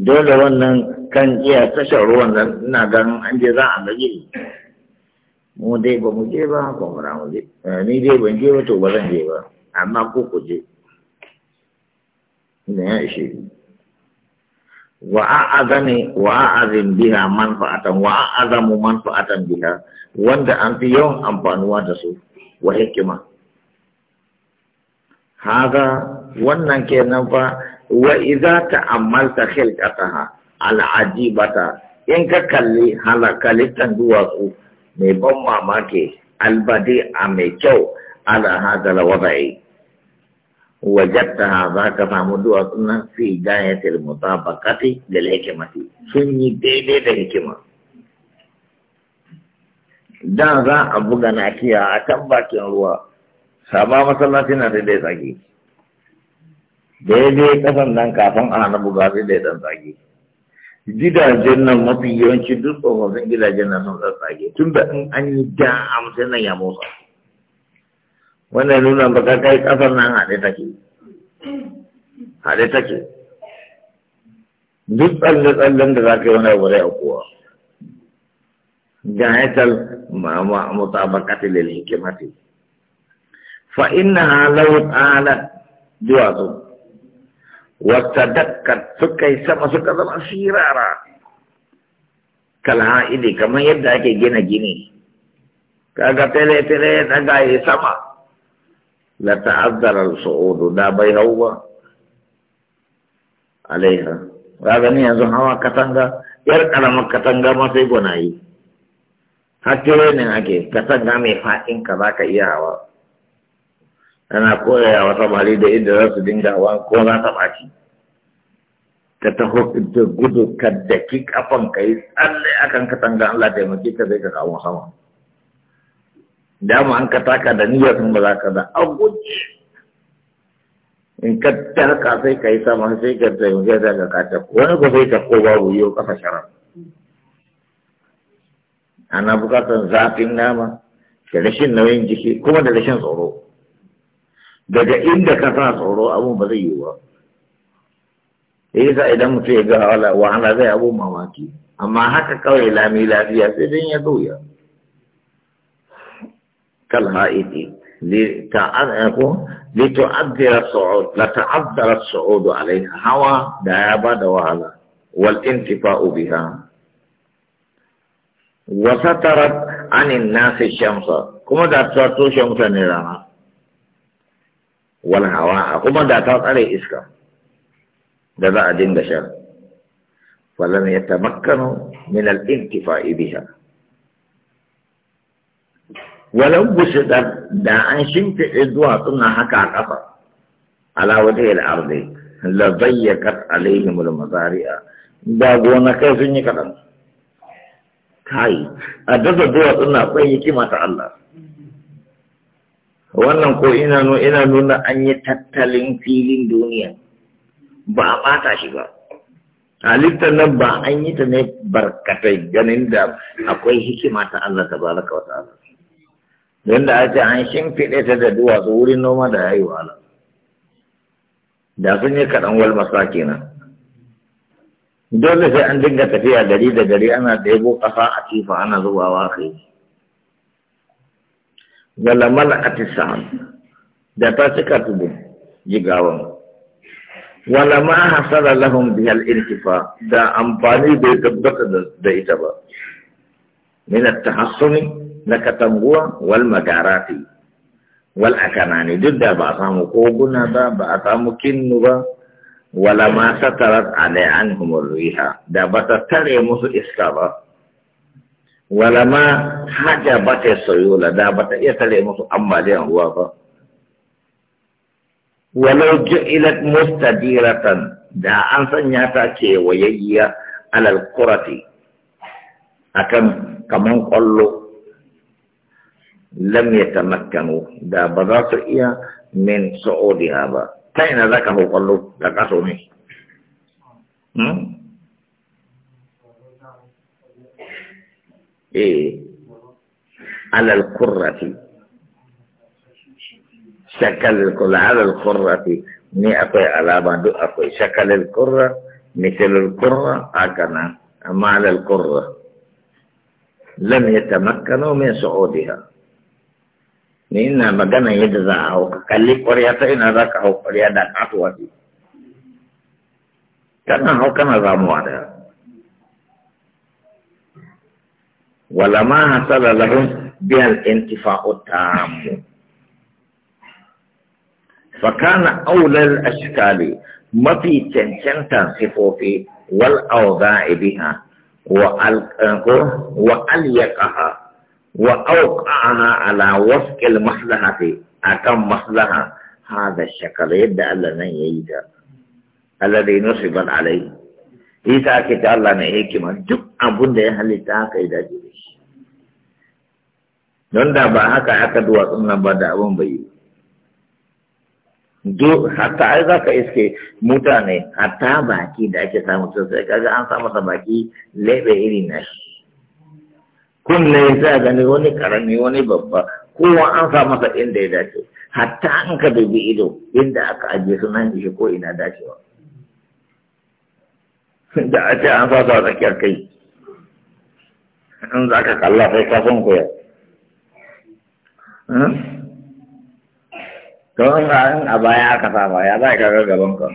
dole wannan kan iya tashar ruwan nan ina ganin an je za a gaji mu dai ba mu je ba ba mu ramu je eh, ni dai ban je ba to ba zan je ba amma ko ku je ina ya ishe wa a'azami wa a'azim biha manfa'atan wa a'azamu manfa'atan biha wanda an fi yawan amfanuwa da su wa hikima haga wannan kenan fa wa idza ta'ammalta khilqataha al'ajibata in ka kalli halakalitan duwatsu mai ban mamaki albadi a mai kyau ala hadal wada'i wajattaha za ka samu duwatsun nan fi gayatil mutabaqati da hikmati sun yi daidai da hikima da za a buga nakiya a kan bakin ruwa sama masallaci na da dai tsaki daidai kasan nan kafin a hana buga sai dai dan tsaki gidajen nan mafi yawanci duk tsofaffin gidajen nan sun tsatsage tun da in an yi da amsa nan ya motsa wannan nuna ba ka kai kasar nan haɗe take haɗe take duk tsalle-tsallen da za ka yi wani abu zai aukuwa gayatar mutabakati lil hikimati fa'in na halawar ta'ala duwatsu wata suka yi sama suka zama sirara ide kamar yadda ake gina gini kaga tele-tele daga yi sama la ta'azzara al-su'ud da bai hau alaiha kaga ni yanzu hawa katanga yar karamar katanga ma sai gwanayi. har ne ake katanga mai fa'in ka za iya hawa ana koya wa samari da inda za su dinga wa ko za ta baki ka taho da gudu ka daki kafan ka yi tsalle akan katanga Allah taimake ka zai ka kawo sama dama an ka taka da niyyar sun ba za ka da a guji in ka taka sai ka yi sama sai ka taimake ka ga kata wani ba sai ka ko babu yau kafa sharar ana bukatar zafin nama da rashin nauyin jiki kuma da rashin tsoro daga inda ka sa tsoro abun ba zai yi ba yasa idan mutum ya ga wahala zai abu mamaki amma haka kawai lami lafiya sai dan ya zoya kal ha'iti li ta'ad eh, hawa da ya bada wahala wal intifa'u biha wa satarat anin nasi shamsa kuma da ta to shamsa ne rana wani hawa kuma da ta tsare iska da za a dinga sha falam yatamakkanu min al-intifa'i biha walau busidar da an shimfiɗe zuwa na haka a ƙafa ala wata yi al'arzai la bayyakat alaihim al-mazari'a da gonakai sun yi kaɗan kai a daga zuwa na tsayi kima ta Allah wannan ko ina nuna ina nuna an yi tattalin filin duniya ba a bata shi ba halittar nan ba an yi ta ne barkatai ganin da akwai hikima ta Allah ta ba laƙa wata ta'ala don da ake an fiɗe ta da duwatsu wurin noma da ya yi wahala da sun yi kaɗan walmasa kenan dole sai an dinga tafiya gari da gari ana ɗebo ƙasa a tifa ana zubawa kai wala ati sa'an da ta cika tubu jigawan wala ma hasala lahum bihal irtifa da amfani bai tabbata da ita ba min at-tahassuni na katanguwa wal magarati wal akanani duk da ba a samu koguna ba ba a samu kinnu ba wala ma satarat alai anhum riha da ba ta tare musu iska ba walama haja ba ta la, da ba ta iya tare musu ambaliyan ruwa ba walau ju'ilat mustadiratan da an sanya ta ke wayayya alal kurati akan kaman kwallo lam yatamakkanu da ba za su iya min su'udiha ba ta ina za ka hau kwallo da kaso ne hmm? إيه؟ على القرة شكل القرة على القرة نيأكوي على بندو أكوي شكل القرة مثل القرة أكنا أما على القرة لم يتمكنوا من صعودها نينا مجانا يدزع أو كالي قرية إن ركع قرية دان أطوة كان هو كان رامو عليها ولما حصل لهم بها الانتفاع التام فكان أولى الأشكال ما في تنشنتا صفوفي والأوضاع بها وأليقها وأوقعها على وفق المصلحة أكم مصلحة هذا الشكل يبدأ لنا يجد الذي نصبت عليه إذا كتاب الله نهيك ما جب abun da ya halitta haka ya dace da shi don da ba haka aka duwa nan ba da abun bai yi hatta ai za ka iske mutane hatta baki da ake samu sosai kaga an samu sa baki lebe iri na shi kunne za gani wani karami wani babba kowa an sa masa inda ya dace hatta an ka dubi ido inda aka ajiye su nan shi ko ina dacewa [LAUGHS] da a ce an sa su a tsakiyar kai in za ka kalla sai ka son koya to in a baya aka sa baya za ka ga gaban ka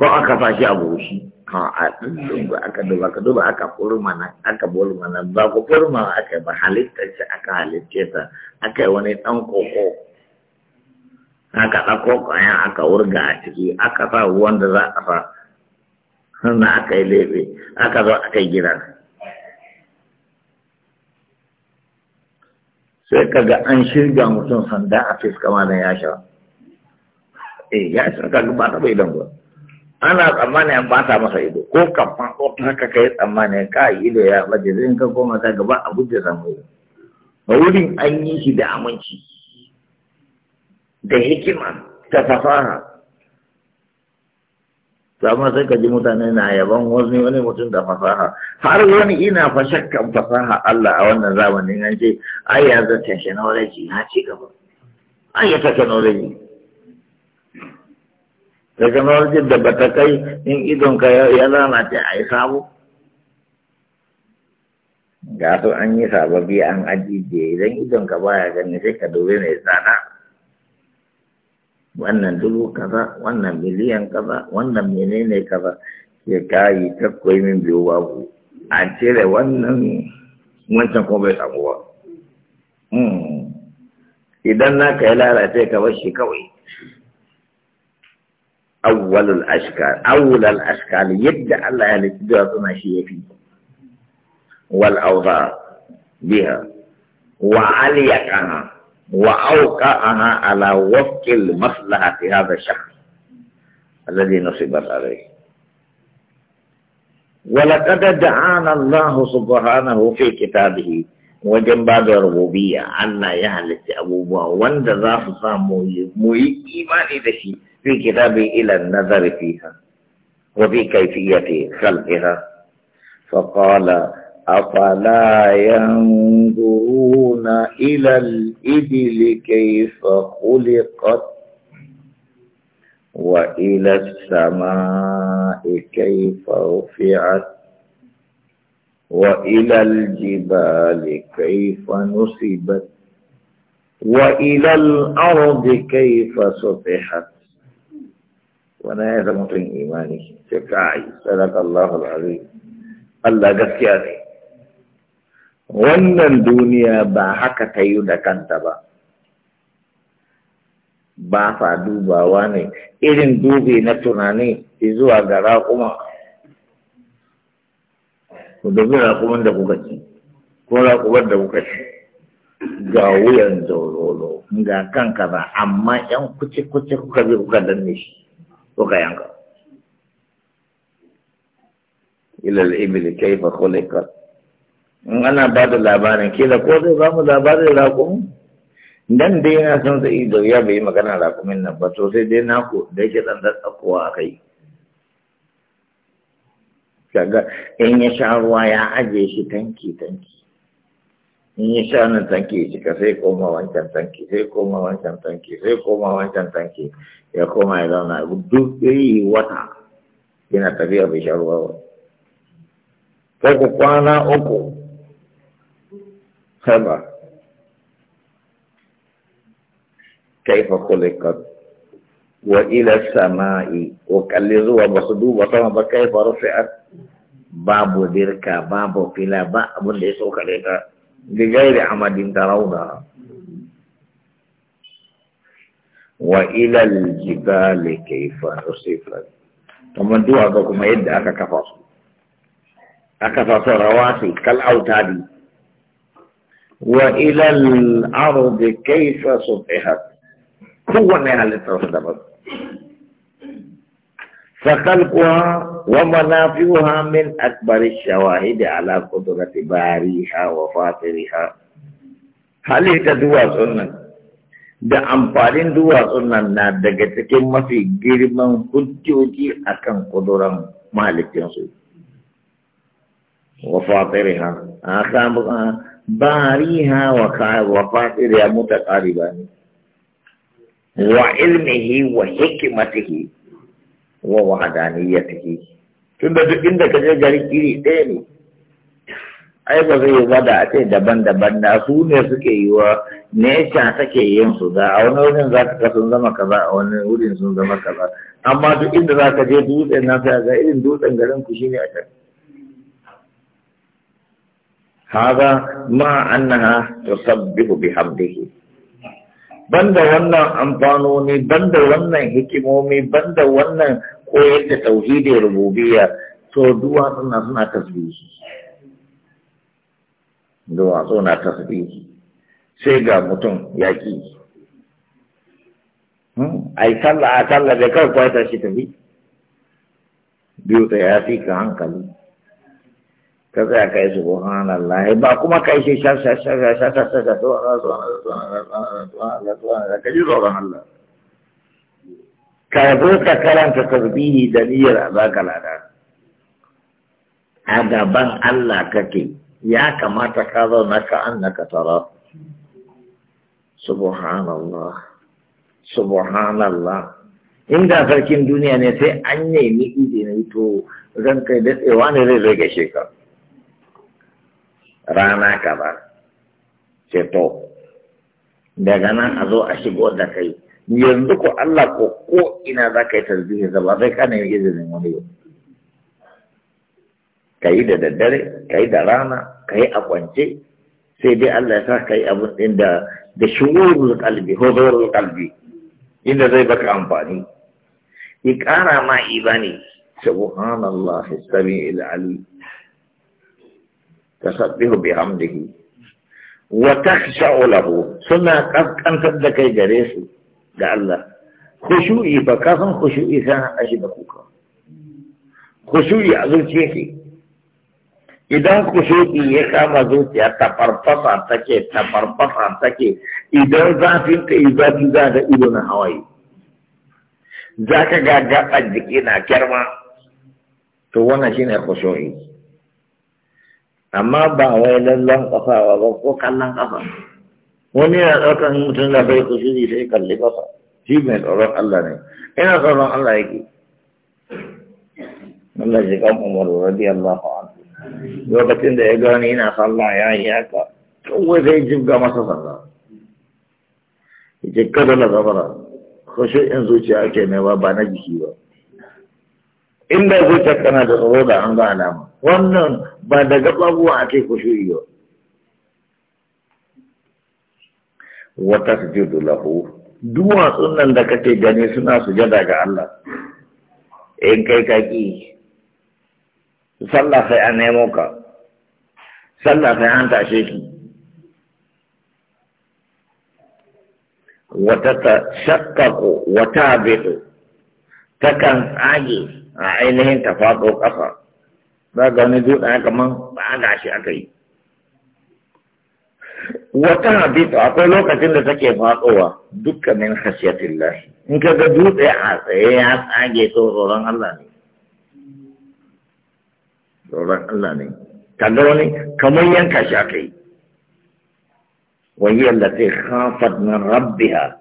ko aka sa shi a burushi ha a ɗin ba aka duba ka duba aka furma nan aka burma mana ba ku furma aka ba halittar shi aka halitte ta aka yi wani ɗan koko aka ɗauko kayan aka wurga a ciki aka sa ruwan da za a sa da aka yi lebe aka zo aka yi gidan. sai kaga an shirga mutum sanda a fiska mana ya sha eh ya sha kaga ba ta bai ba ana tsammani an bata masa ido ko kafan ko haka kai tsammani ka ido ya baje zai ka koma ta gaba a buje samu ido ba wurin an yi shi da aminci da hikima ta fasaha amma sai ka ji mutane na yaban wasu wani mutum da fasaha har wani ina fa fasaha Allah a wannan zamanin an ce ai yanzu technology ya ci gaba ai ya na wani da bata kai in idon ka ya lalace yi sabo ga su an yi sababi an ajiye idan idon ka baya gani sai ka dole mai tsada wannan dubu kaza wannan miliyan kaza wannan menene kaza ya kayi ta koyi min biyu babu a cire wannan wancan kuma bai samu ba hmm. idan na ka yi lalace ka bar shi kawai awwalul ashkal awwalul ashkal yadda Allah ya halitta da suna shi yafi wal awza biha wa aliyaqaha وأوقعها على وفق المصلحة في هذا الشخص الذي نصبت عليه ولقد دعانا الله سبحانه في كتابه وجن باب الربوبية أن يهلك أبو بكر وأن ذاك مي إيمان في كتابه إلى النظر فيها وفي كيفية خلقها فقال أفلا ينظرون إلى الإبل كيف خلقت وإلى السماء كيف رفعت وإلى الجبال كيف نصبت وإلى الأرض كيف سطحت وانا هذا مطلق إيماني شكاعي صدق الله العظيم الله كياني wannan duniya ba haka ta yi da kanta ba ba fa dubawa ne irin dubi na tunani zuwa ga raƙuma ku dubi raƙuman da kuka ci ko raƙuman da kuka ci ga wuyan zaurolo ga kan ba amma yan kuce-kuce kuce kuka bi kuka danne shi kuka yanka ilal ibili kaifa khuliqat in ana ba da labarin kila ko zai ba mu labarin raƙumin dan dai na san sai da ya bai magana raƙumin nan ba to sai dai ku, da yake dan dan tsakowa a kai kaga in ya sha ruwa ya aje shi tanki tanki in ya sha nan tanki shi ka sai koma wancan tanki sai koma wancan tanki sai koma wancan tanki ya koma ya zauna duk yi wata yana tafiya bai sha ruwa ba ko ku kwana uku Sama. Kaifa khuliqat wa ila samai wa kallizu wa basdu wa sama ba kaifa rufi'at babu dirka babu fila ba abun da ya so kare ka ga gairi amadin tarauna wa ila aljibali kaifa rusifat kuma duwa ga kuma yadda aka kafa su aka fasa rawasi kal autadi وإلى الأرض كيف صفحت كونها لترسل الأرض فقلبها ومنافعها من أكبر الشواهد على قدرة باريها وفاطرها هل تدوى سنة da amfanin duwatsun nan na daga cikin mafi girman hujjoji akan kan ƙuduran mahalikinsu. Wa fatirin ha, a samun bariha wa fasiriya mutaqaribani wa ilmihi wa hikimatihi wa wahadaniyatihi tunda duk inda ka je gari iri ɗaya ne ai ba zai yi ba da a ce daban-daban na su ne suke yi wa nesha take yin su za a wani wurin za ka sun zama kaza a wani wurin sun zama kaza amma duk inda za ka je dutsen na sai ga irin dutsen garin ku shine a can haza ma annaha tusabbihu bihamdihi banda wannan amfanoni banda wannan hikimomi banda wannan koyar da tauhidin rububiyya to duwatsu na suna tasbihi duwatsu na tasbihi sai ga mutum yaƙi a yi sallah a sallah da kawai kwaita shi tafi biyu ta ya fi ka hankali ka tsaya ka yi subhanallah ba kuma ka yi shi sha sha sha sha sha sha sha sha shan shan shan shan shan shan shan karanta shan shan shan a shan shan shan shan Allah kake ya kamata shan shan shan shan shan shan subhanallah inda sarkin duniya ne sai an shan izini to shan daɗewa ne zai shan shan rana kaza ce to daga nan a zo a shigo da kai yanzu ko Allah ko ko ina za ka yi tasbihi ba zai ka nemi izinin wani yau ka yi da daddare ka yi da rana ka yi a kwance sai dai Allah ya sa ka yi abin ɗin da da shugurul kalbi huzurul kalbi inda zai baka amfani Ki ƙara ma ibani subhanallahi sami'il alim تسبح بحمده وتخشع له سنة قد أنت دكي جريس لعله خشوعي فكافا خشوعي كان أشبكوكا خشوعي أزول شيخي idan kushoki ya kama zuciya ta farfasa take ta farfasa take idan zafin ka yi zafi za ga ido na hawaye za ka ga gaɓar jiki na kyarma to wannan shine kushoki amma ba wai lallon wa ba ko kallon kafa wani yana ɗaukar mutum da bai kushiri sai kalli kafa shi mai tsoron Allah ne ina tsoron Allah yake Allah shi kan Umar radiyallahu anhu lokacin da ya gani yana sallah ya yi haka kawai zai jibga masa sallah yake kada la zabara in zuciya ake nema ba na jiki ba in bai zuciyar kana da tsoro da an ga alama wannan ba da a gababuwa ku kushuri ba wata sujudu lahu duwatsun nan da kake gani suna sujada ga Allah in kai ki sallah sai an nemo ka sallah sai an tashe ki wata ta shakka ko wata ta kan tsage a ainihin ta faɗo ƙasa za ga wani zuɗa ya kamar ba ga shi aka yi wata habita akwai lokacin da take faɗowa dukka min lahi in ka ga dutse a tsaye ya tsage to tsoron Allah ne tsoron Allah ne ga wani kamar yanka shi aka yi وهي na rabbiha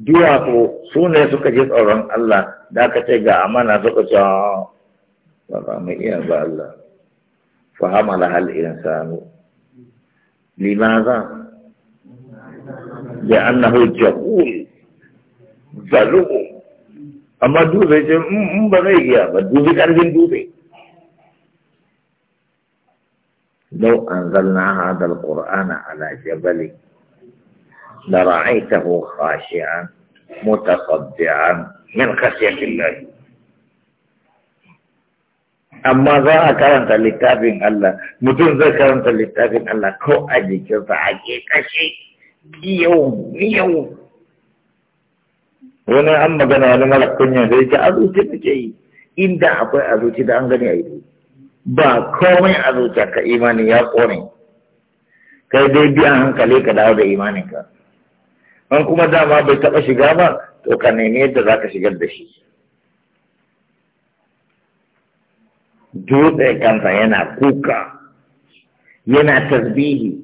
duwatsu su ne suka ji tsoron Allah da aka ce ga amana suka ce ah, ba ba mai iya ba Allah fa hamala hal insanu limaza da annahu jahul zalu amma dutse ce in mm, mm, ba zai iya ba dutse karfin dube لو أنزلنا هذا القرآن ala jabalin لرأيته خاشعا متصدعا من خشية الله amma za a karanta littafin Allah mutum zai karanta littafin Allah ko a jikinsa a ke kashe yau yau wani an magana wani mara kunya da yake a zuci nake yi inda akwai a da an gani a ido ba komai a zuciya ka imanin ya kone kai dai biyan hankali ka dawo da imaninka an kuma dama bai taɓa shiga ba to ka nemi yadda za ka shigar da shi dutse kansa yana kuka yana tasbihi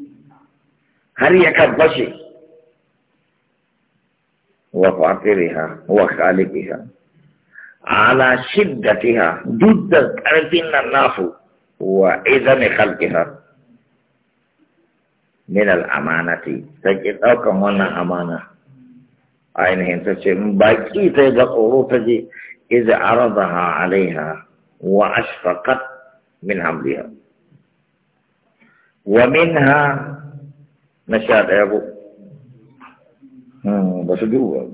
har ya kan fashe wa fakiriha wa khaliqiha ala shiddatiha duk da ƙarfin nan nasu wa izami khalqiha من الأمانة تجد أو كمان أمانة أين هي تشم باكي تيجا أوروتجي إذا عرضها عليها وأشفقت من حملها ومنها نشاد يا أبو بس جوا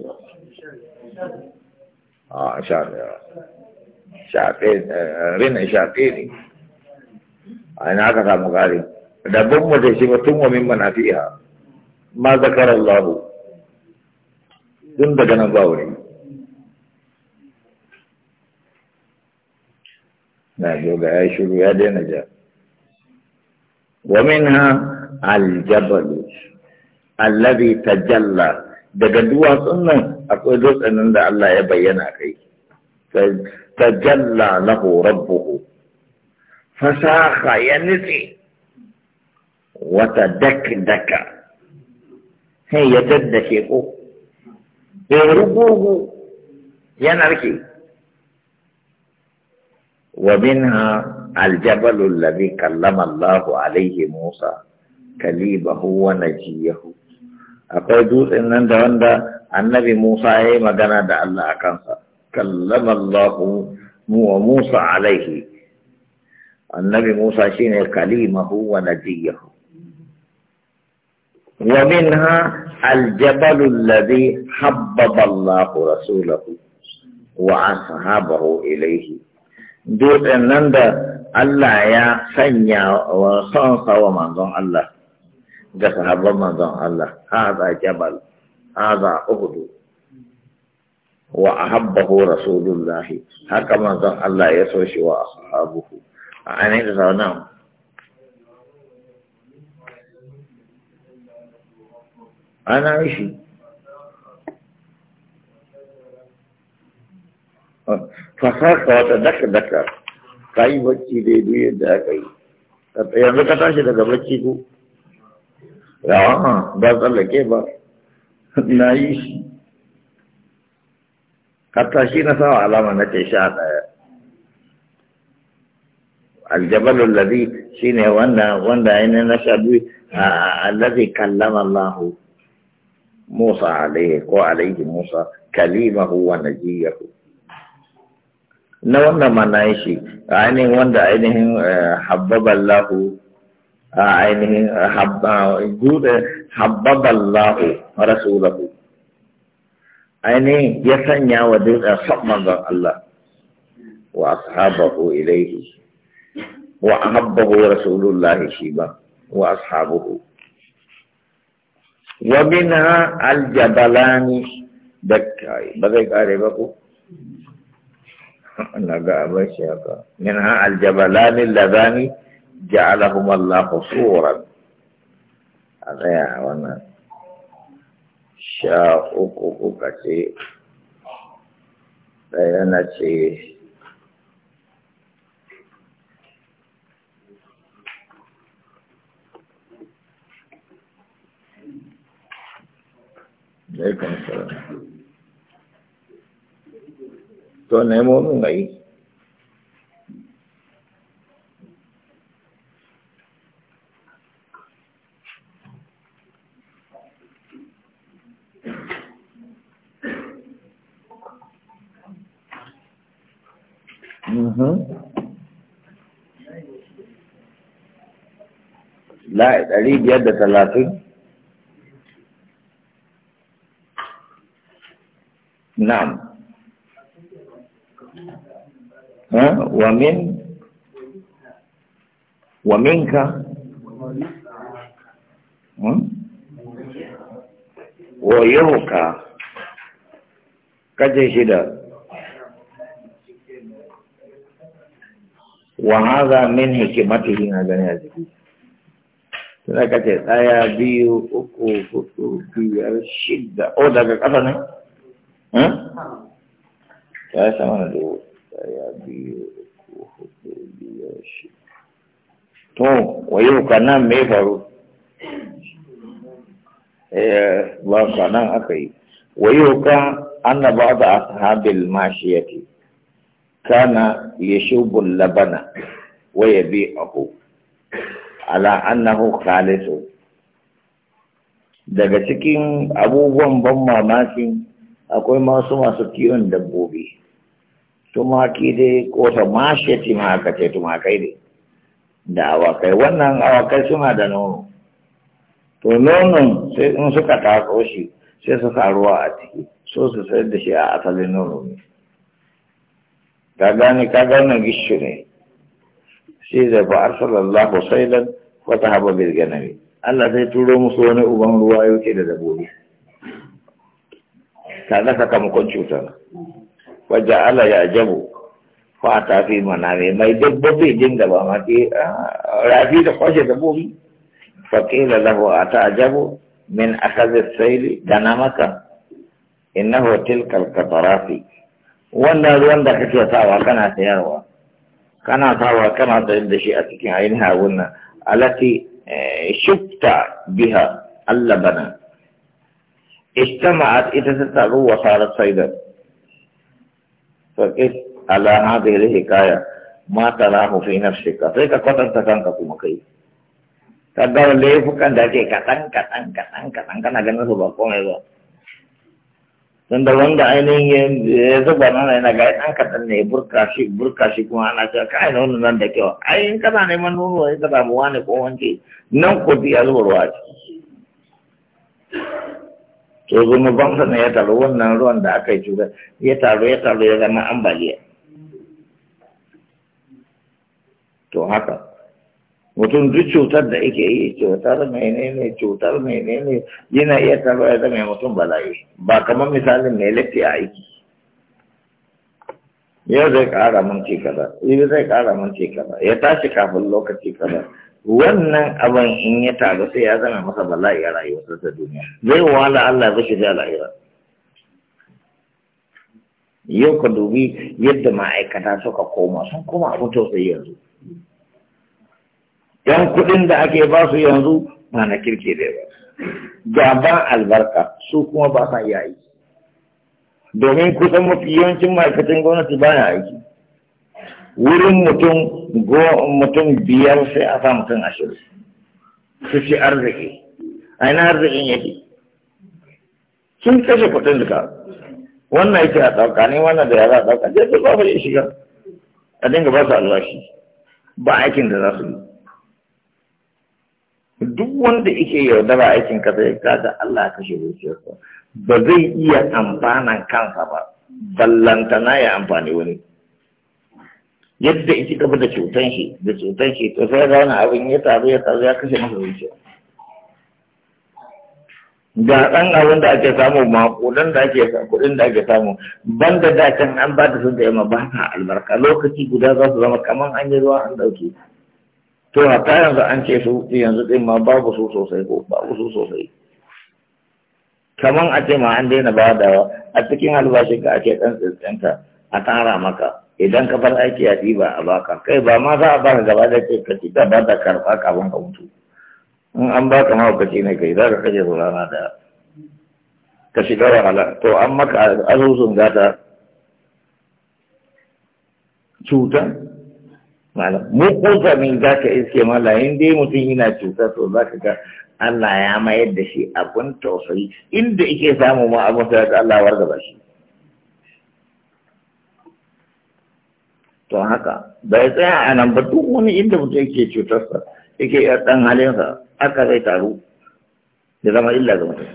آه شاد يا شاد رين شاد إيه أنا أكثر مقارن دبوم مزيج وتم ومن منا فيها ما ذكر الله دون بجنا باوري نجوا عايشوا يا نجا ومنها الجبل الذي تجلى دقدوا سنة أقول جزء أن الله يبين أخي تجلى له ربه فساخ ينسي يعني wata dak-daka sai ya daddake ko ya rugugu ya narke wa minha aljabalu alladhi kallama Allah alaihi Musa kalibahu wa najiyahu akwai dutsen nan da wanda annabi Musa ya yi magana da Allah a kansa kallama Allah wa Musa alaihi annabi Musa shine kalimahu wa najiyahu ومنها الجبل الذي حبب الله رسوله وأصحابه إليه دوت النند الله يا سنيا وصنصا ومن الله جسحب من الله هذا جبل هذا أهد وأحبه رسول الله هكذا من الله يسوش وأصحابه أنا نعم ana shi fasar ka wata daka daka ka yi bacci daidai yadda aka yi yanzu ka tashi daga bacci ko yawa ba tsallake ba na yi shi hatta shi na sawa alama na ce sha ɗaya aljabalul ladhi shine wanda wanda yana na sha biyu allazi kallama Allahu Musa alaihi ko alaihi Musa kalimahu wa najiyahu na wannan mana shi ainihin wanda ainihin eh, habbaballahu ainihin eh, habbaballahu rasulahu ainihin ya sanya wa dutsen zan Allah wa ashabahu ilaihi wa ahabbahu rasulullahi shi ba wa ashabuhu wa bina aljabalani da ba zai kare ba ko Allah ga abin shi haka min ha aljabalani lazani ja'alahum Allah suran a tsaya wannan sha uku kuka ce ɗaya na ce alaikum mm-hmm. ɗari biyar da talatin نعم ها ومن ومنك ويوكا كجي شدا وهذا من حكمته هذا الحديث sai ka ce ɗaya biyu uku hudu biyar shida o daga ne ya sama na dubu daya biyu uku hudu biyar shida to wayo kanan me faru ba kanan aka yi wayo ka annaba da ashabil mashiyati kana yashubu labana wa yabi'ahu ala annahu khalisu daga cikin abubuwan ban mamakin akwai masu masu kiwon dabbobi tumaki dai ko ta mashe timaka ce tumakai ne da awakai wannan awakai suna da nono to nonon sai in suka taso shi sai su sa ruwa a ciki so su sayar da shi a asalin nono ne ka gane ka gane gishu ne sai da ba arsalallahu da wata haɓa bil Allah zai turo musu wani uban ruwa yake da dabbobi kaga sakamakon cutar wajen ala ya ajabu fata fi maname mai dabbobi din da ba ma ke rafi da kwashe dabbobi fakila lahu a ta ta'ajabu min akazi saili da na maka innahu tilkal katarafi wannan ruwan da kake sawa kana sayarwa kana sawa kana sayar da shi a cikin ainihin abun nan alati eh, shukta biha Allah bana اجتمعت اتتتعلو وصارت صيدا فقف على هذه الحكاية ما تراه في نفسك فيك قطن تكنك في ku تقول لي فكان داكي كتن كتن كتن كتن كتن كتن سبقون ايضا dan da wanda ainihin ya zuba nan yana ga ɗan kaɗan ne burka shi burka kuma ana cewa kai na wannan nan da kyau ai in kana neman nono ai ka samu wani ko wanke nan ko biya zubarwa ciki to zunuban sa ne ya taru wannan ruwan da aka yi cuta ya taru ya taru ya zama ambaliya to haka mutum duk cutar da ake yi cutar menene cutar menene yana iya taru ya zama mutum bala'i ba kamar misalin mai a aiki yau zai kara mun kaza yau zai kara minti kaza ya tashi kafin lokaci kaza wannan abin in ya taru sai ya zama masa bala'i a rayuwarsa ta duniya zai wahala Allah ya shiga lahira yau ka dubi yadda ma'aikata suka koma sun koma abin tausayi yanzu yan kuɗin da ake ba su yanzu ba na kirke da ba gaban albarka su kuma ba sa iya domin kusan mafi yawancin ma'aikatan gwamnati ba na aiki wurin mutum mutum biyar sai a sa mutum ashirin su ci arziki aina arzikin yake sun kashe kudin duka wannan yake a ɗauka ne wannan da ya za a ɗauka je su ba ya shiga a dinga ba su albashi ba aikin da za su yi duk wanda yake yaudara aikin ka sai kaga Allah kashe shi ba zai iya amfanan kansa ba ballantana ya amfani wani yadda ita ci gaba da cutan shi da cutan shi to sai ga wani abin ya taru ya taru ya kashe masa zuciya ga ɗan abin da ake samu ma kuɗin da ake kuɗin da ake samu banda da can an ba da sun da yamma ba ta albarka lokaci guda za su zama kaman an yi ruwa an ɗauke to ta yanzu an ce su yanzu ɗin ma babu su sosai ko babu su sosai kaman a ce ma an daina ba da a cikin albashin ka ake ɗan tsintsinka a tara maka idan ka bar aiki a ɗiba a baka kai ba ma za a ba ka gaba da ce ka ci ta da karɓa kafin ka mutu in an ba ka mahaukaci ne kai za ka kaje su rana da ka shiga wahala to an maka asusun gata cuta mu kusa min za ka iske mala in dai mutum yana cuta to za ka ga Allah ya mayar da shi abin tausayi inda yake samu ma abin da Allah warga ba shi to haka bai tsaya a nan ba duk wani inda mutum yake cutarsa yake ya ɗan halinsa aka zai taru da zama illa ga mutum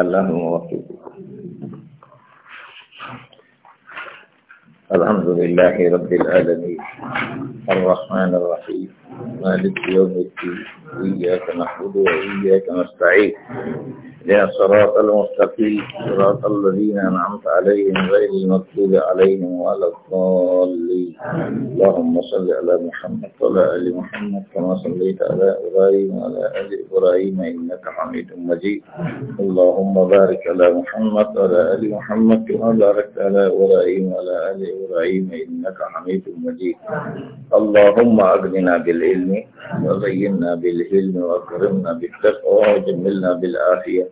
Allahumma wafiq الحمد لله رب العالمين الرحمن الرحيم مالك يوم الدين إياك نعبد وإياك نستعين يا صراط المستقيم صراط الذين أنعمت عليهم غير المكتوب عليهم ولا الضالين اللهم صل على محمد وعلى آل محمد كما صليت على إبراهيم وعلى آل إبراهيم إنك حميد مجيد اللهم بارك على محمد وعلى آل محمد كما باركت على إبراهيم وعلى آل إبراهيم إنك حميد مجيد اللهم أغننا بالعلم وزينا بالعلم وأكرمنا بالتقوى وجملنا بالعافية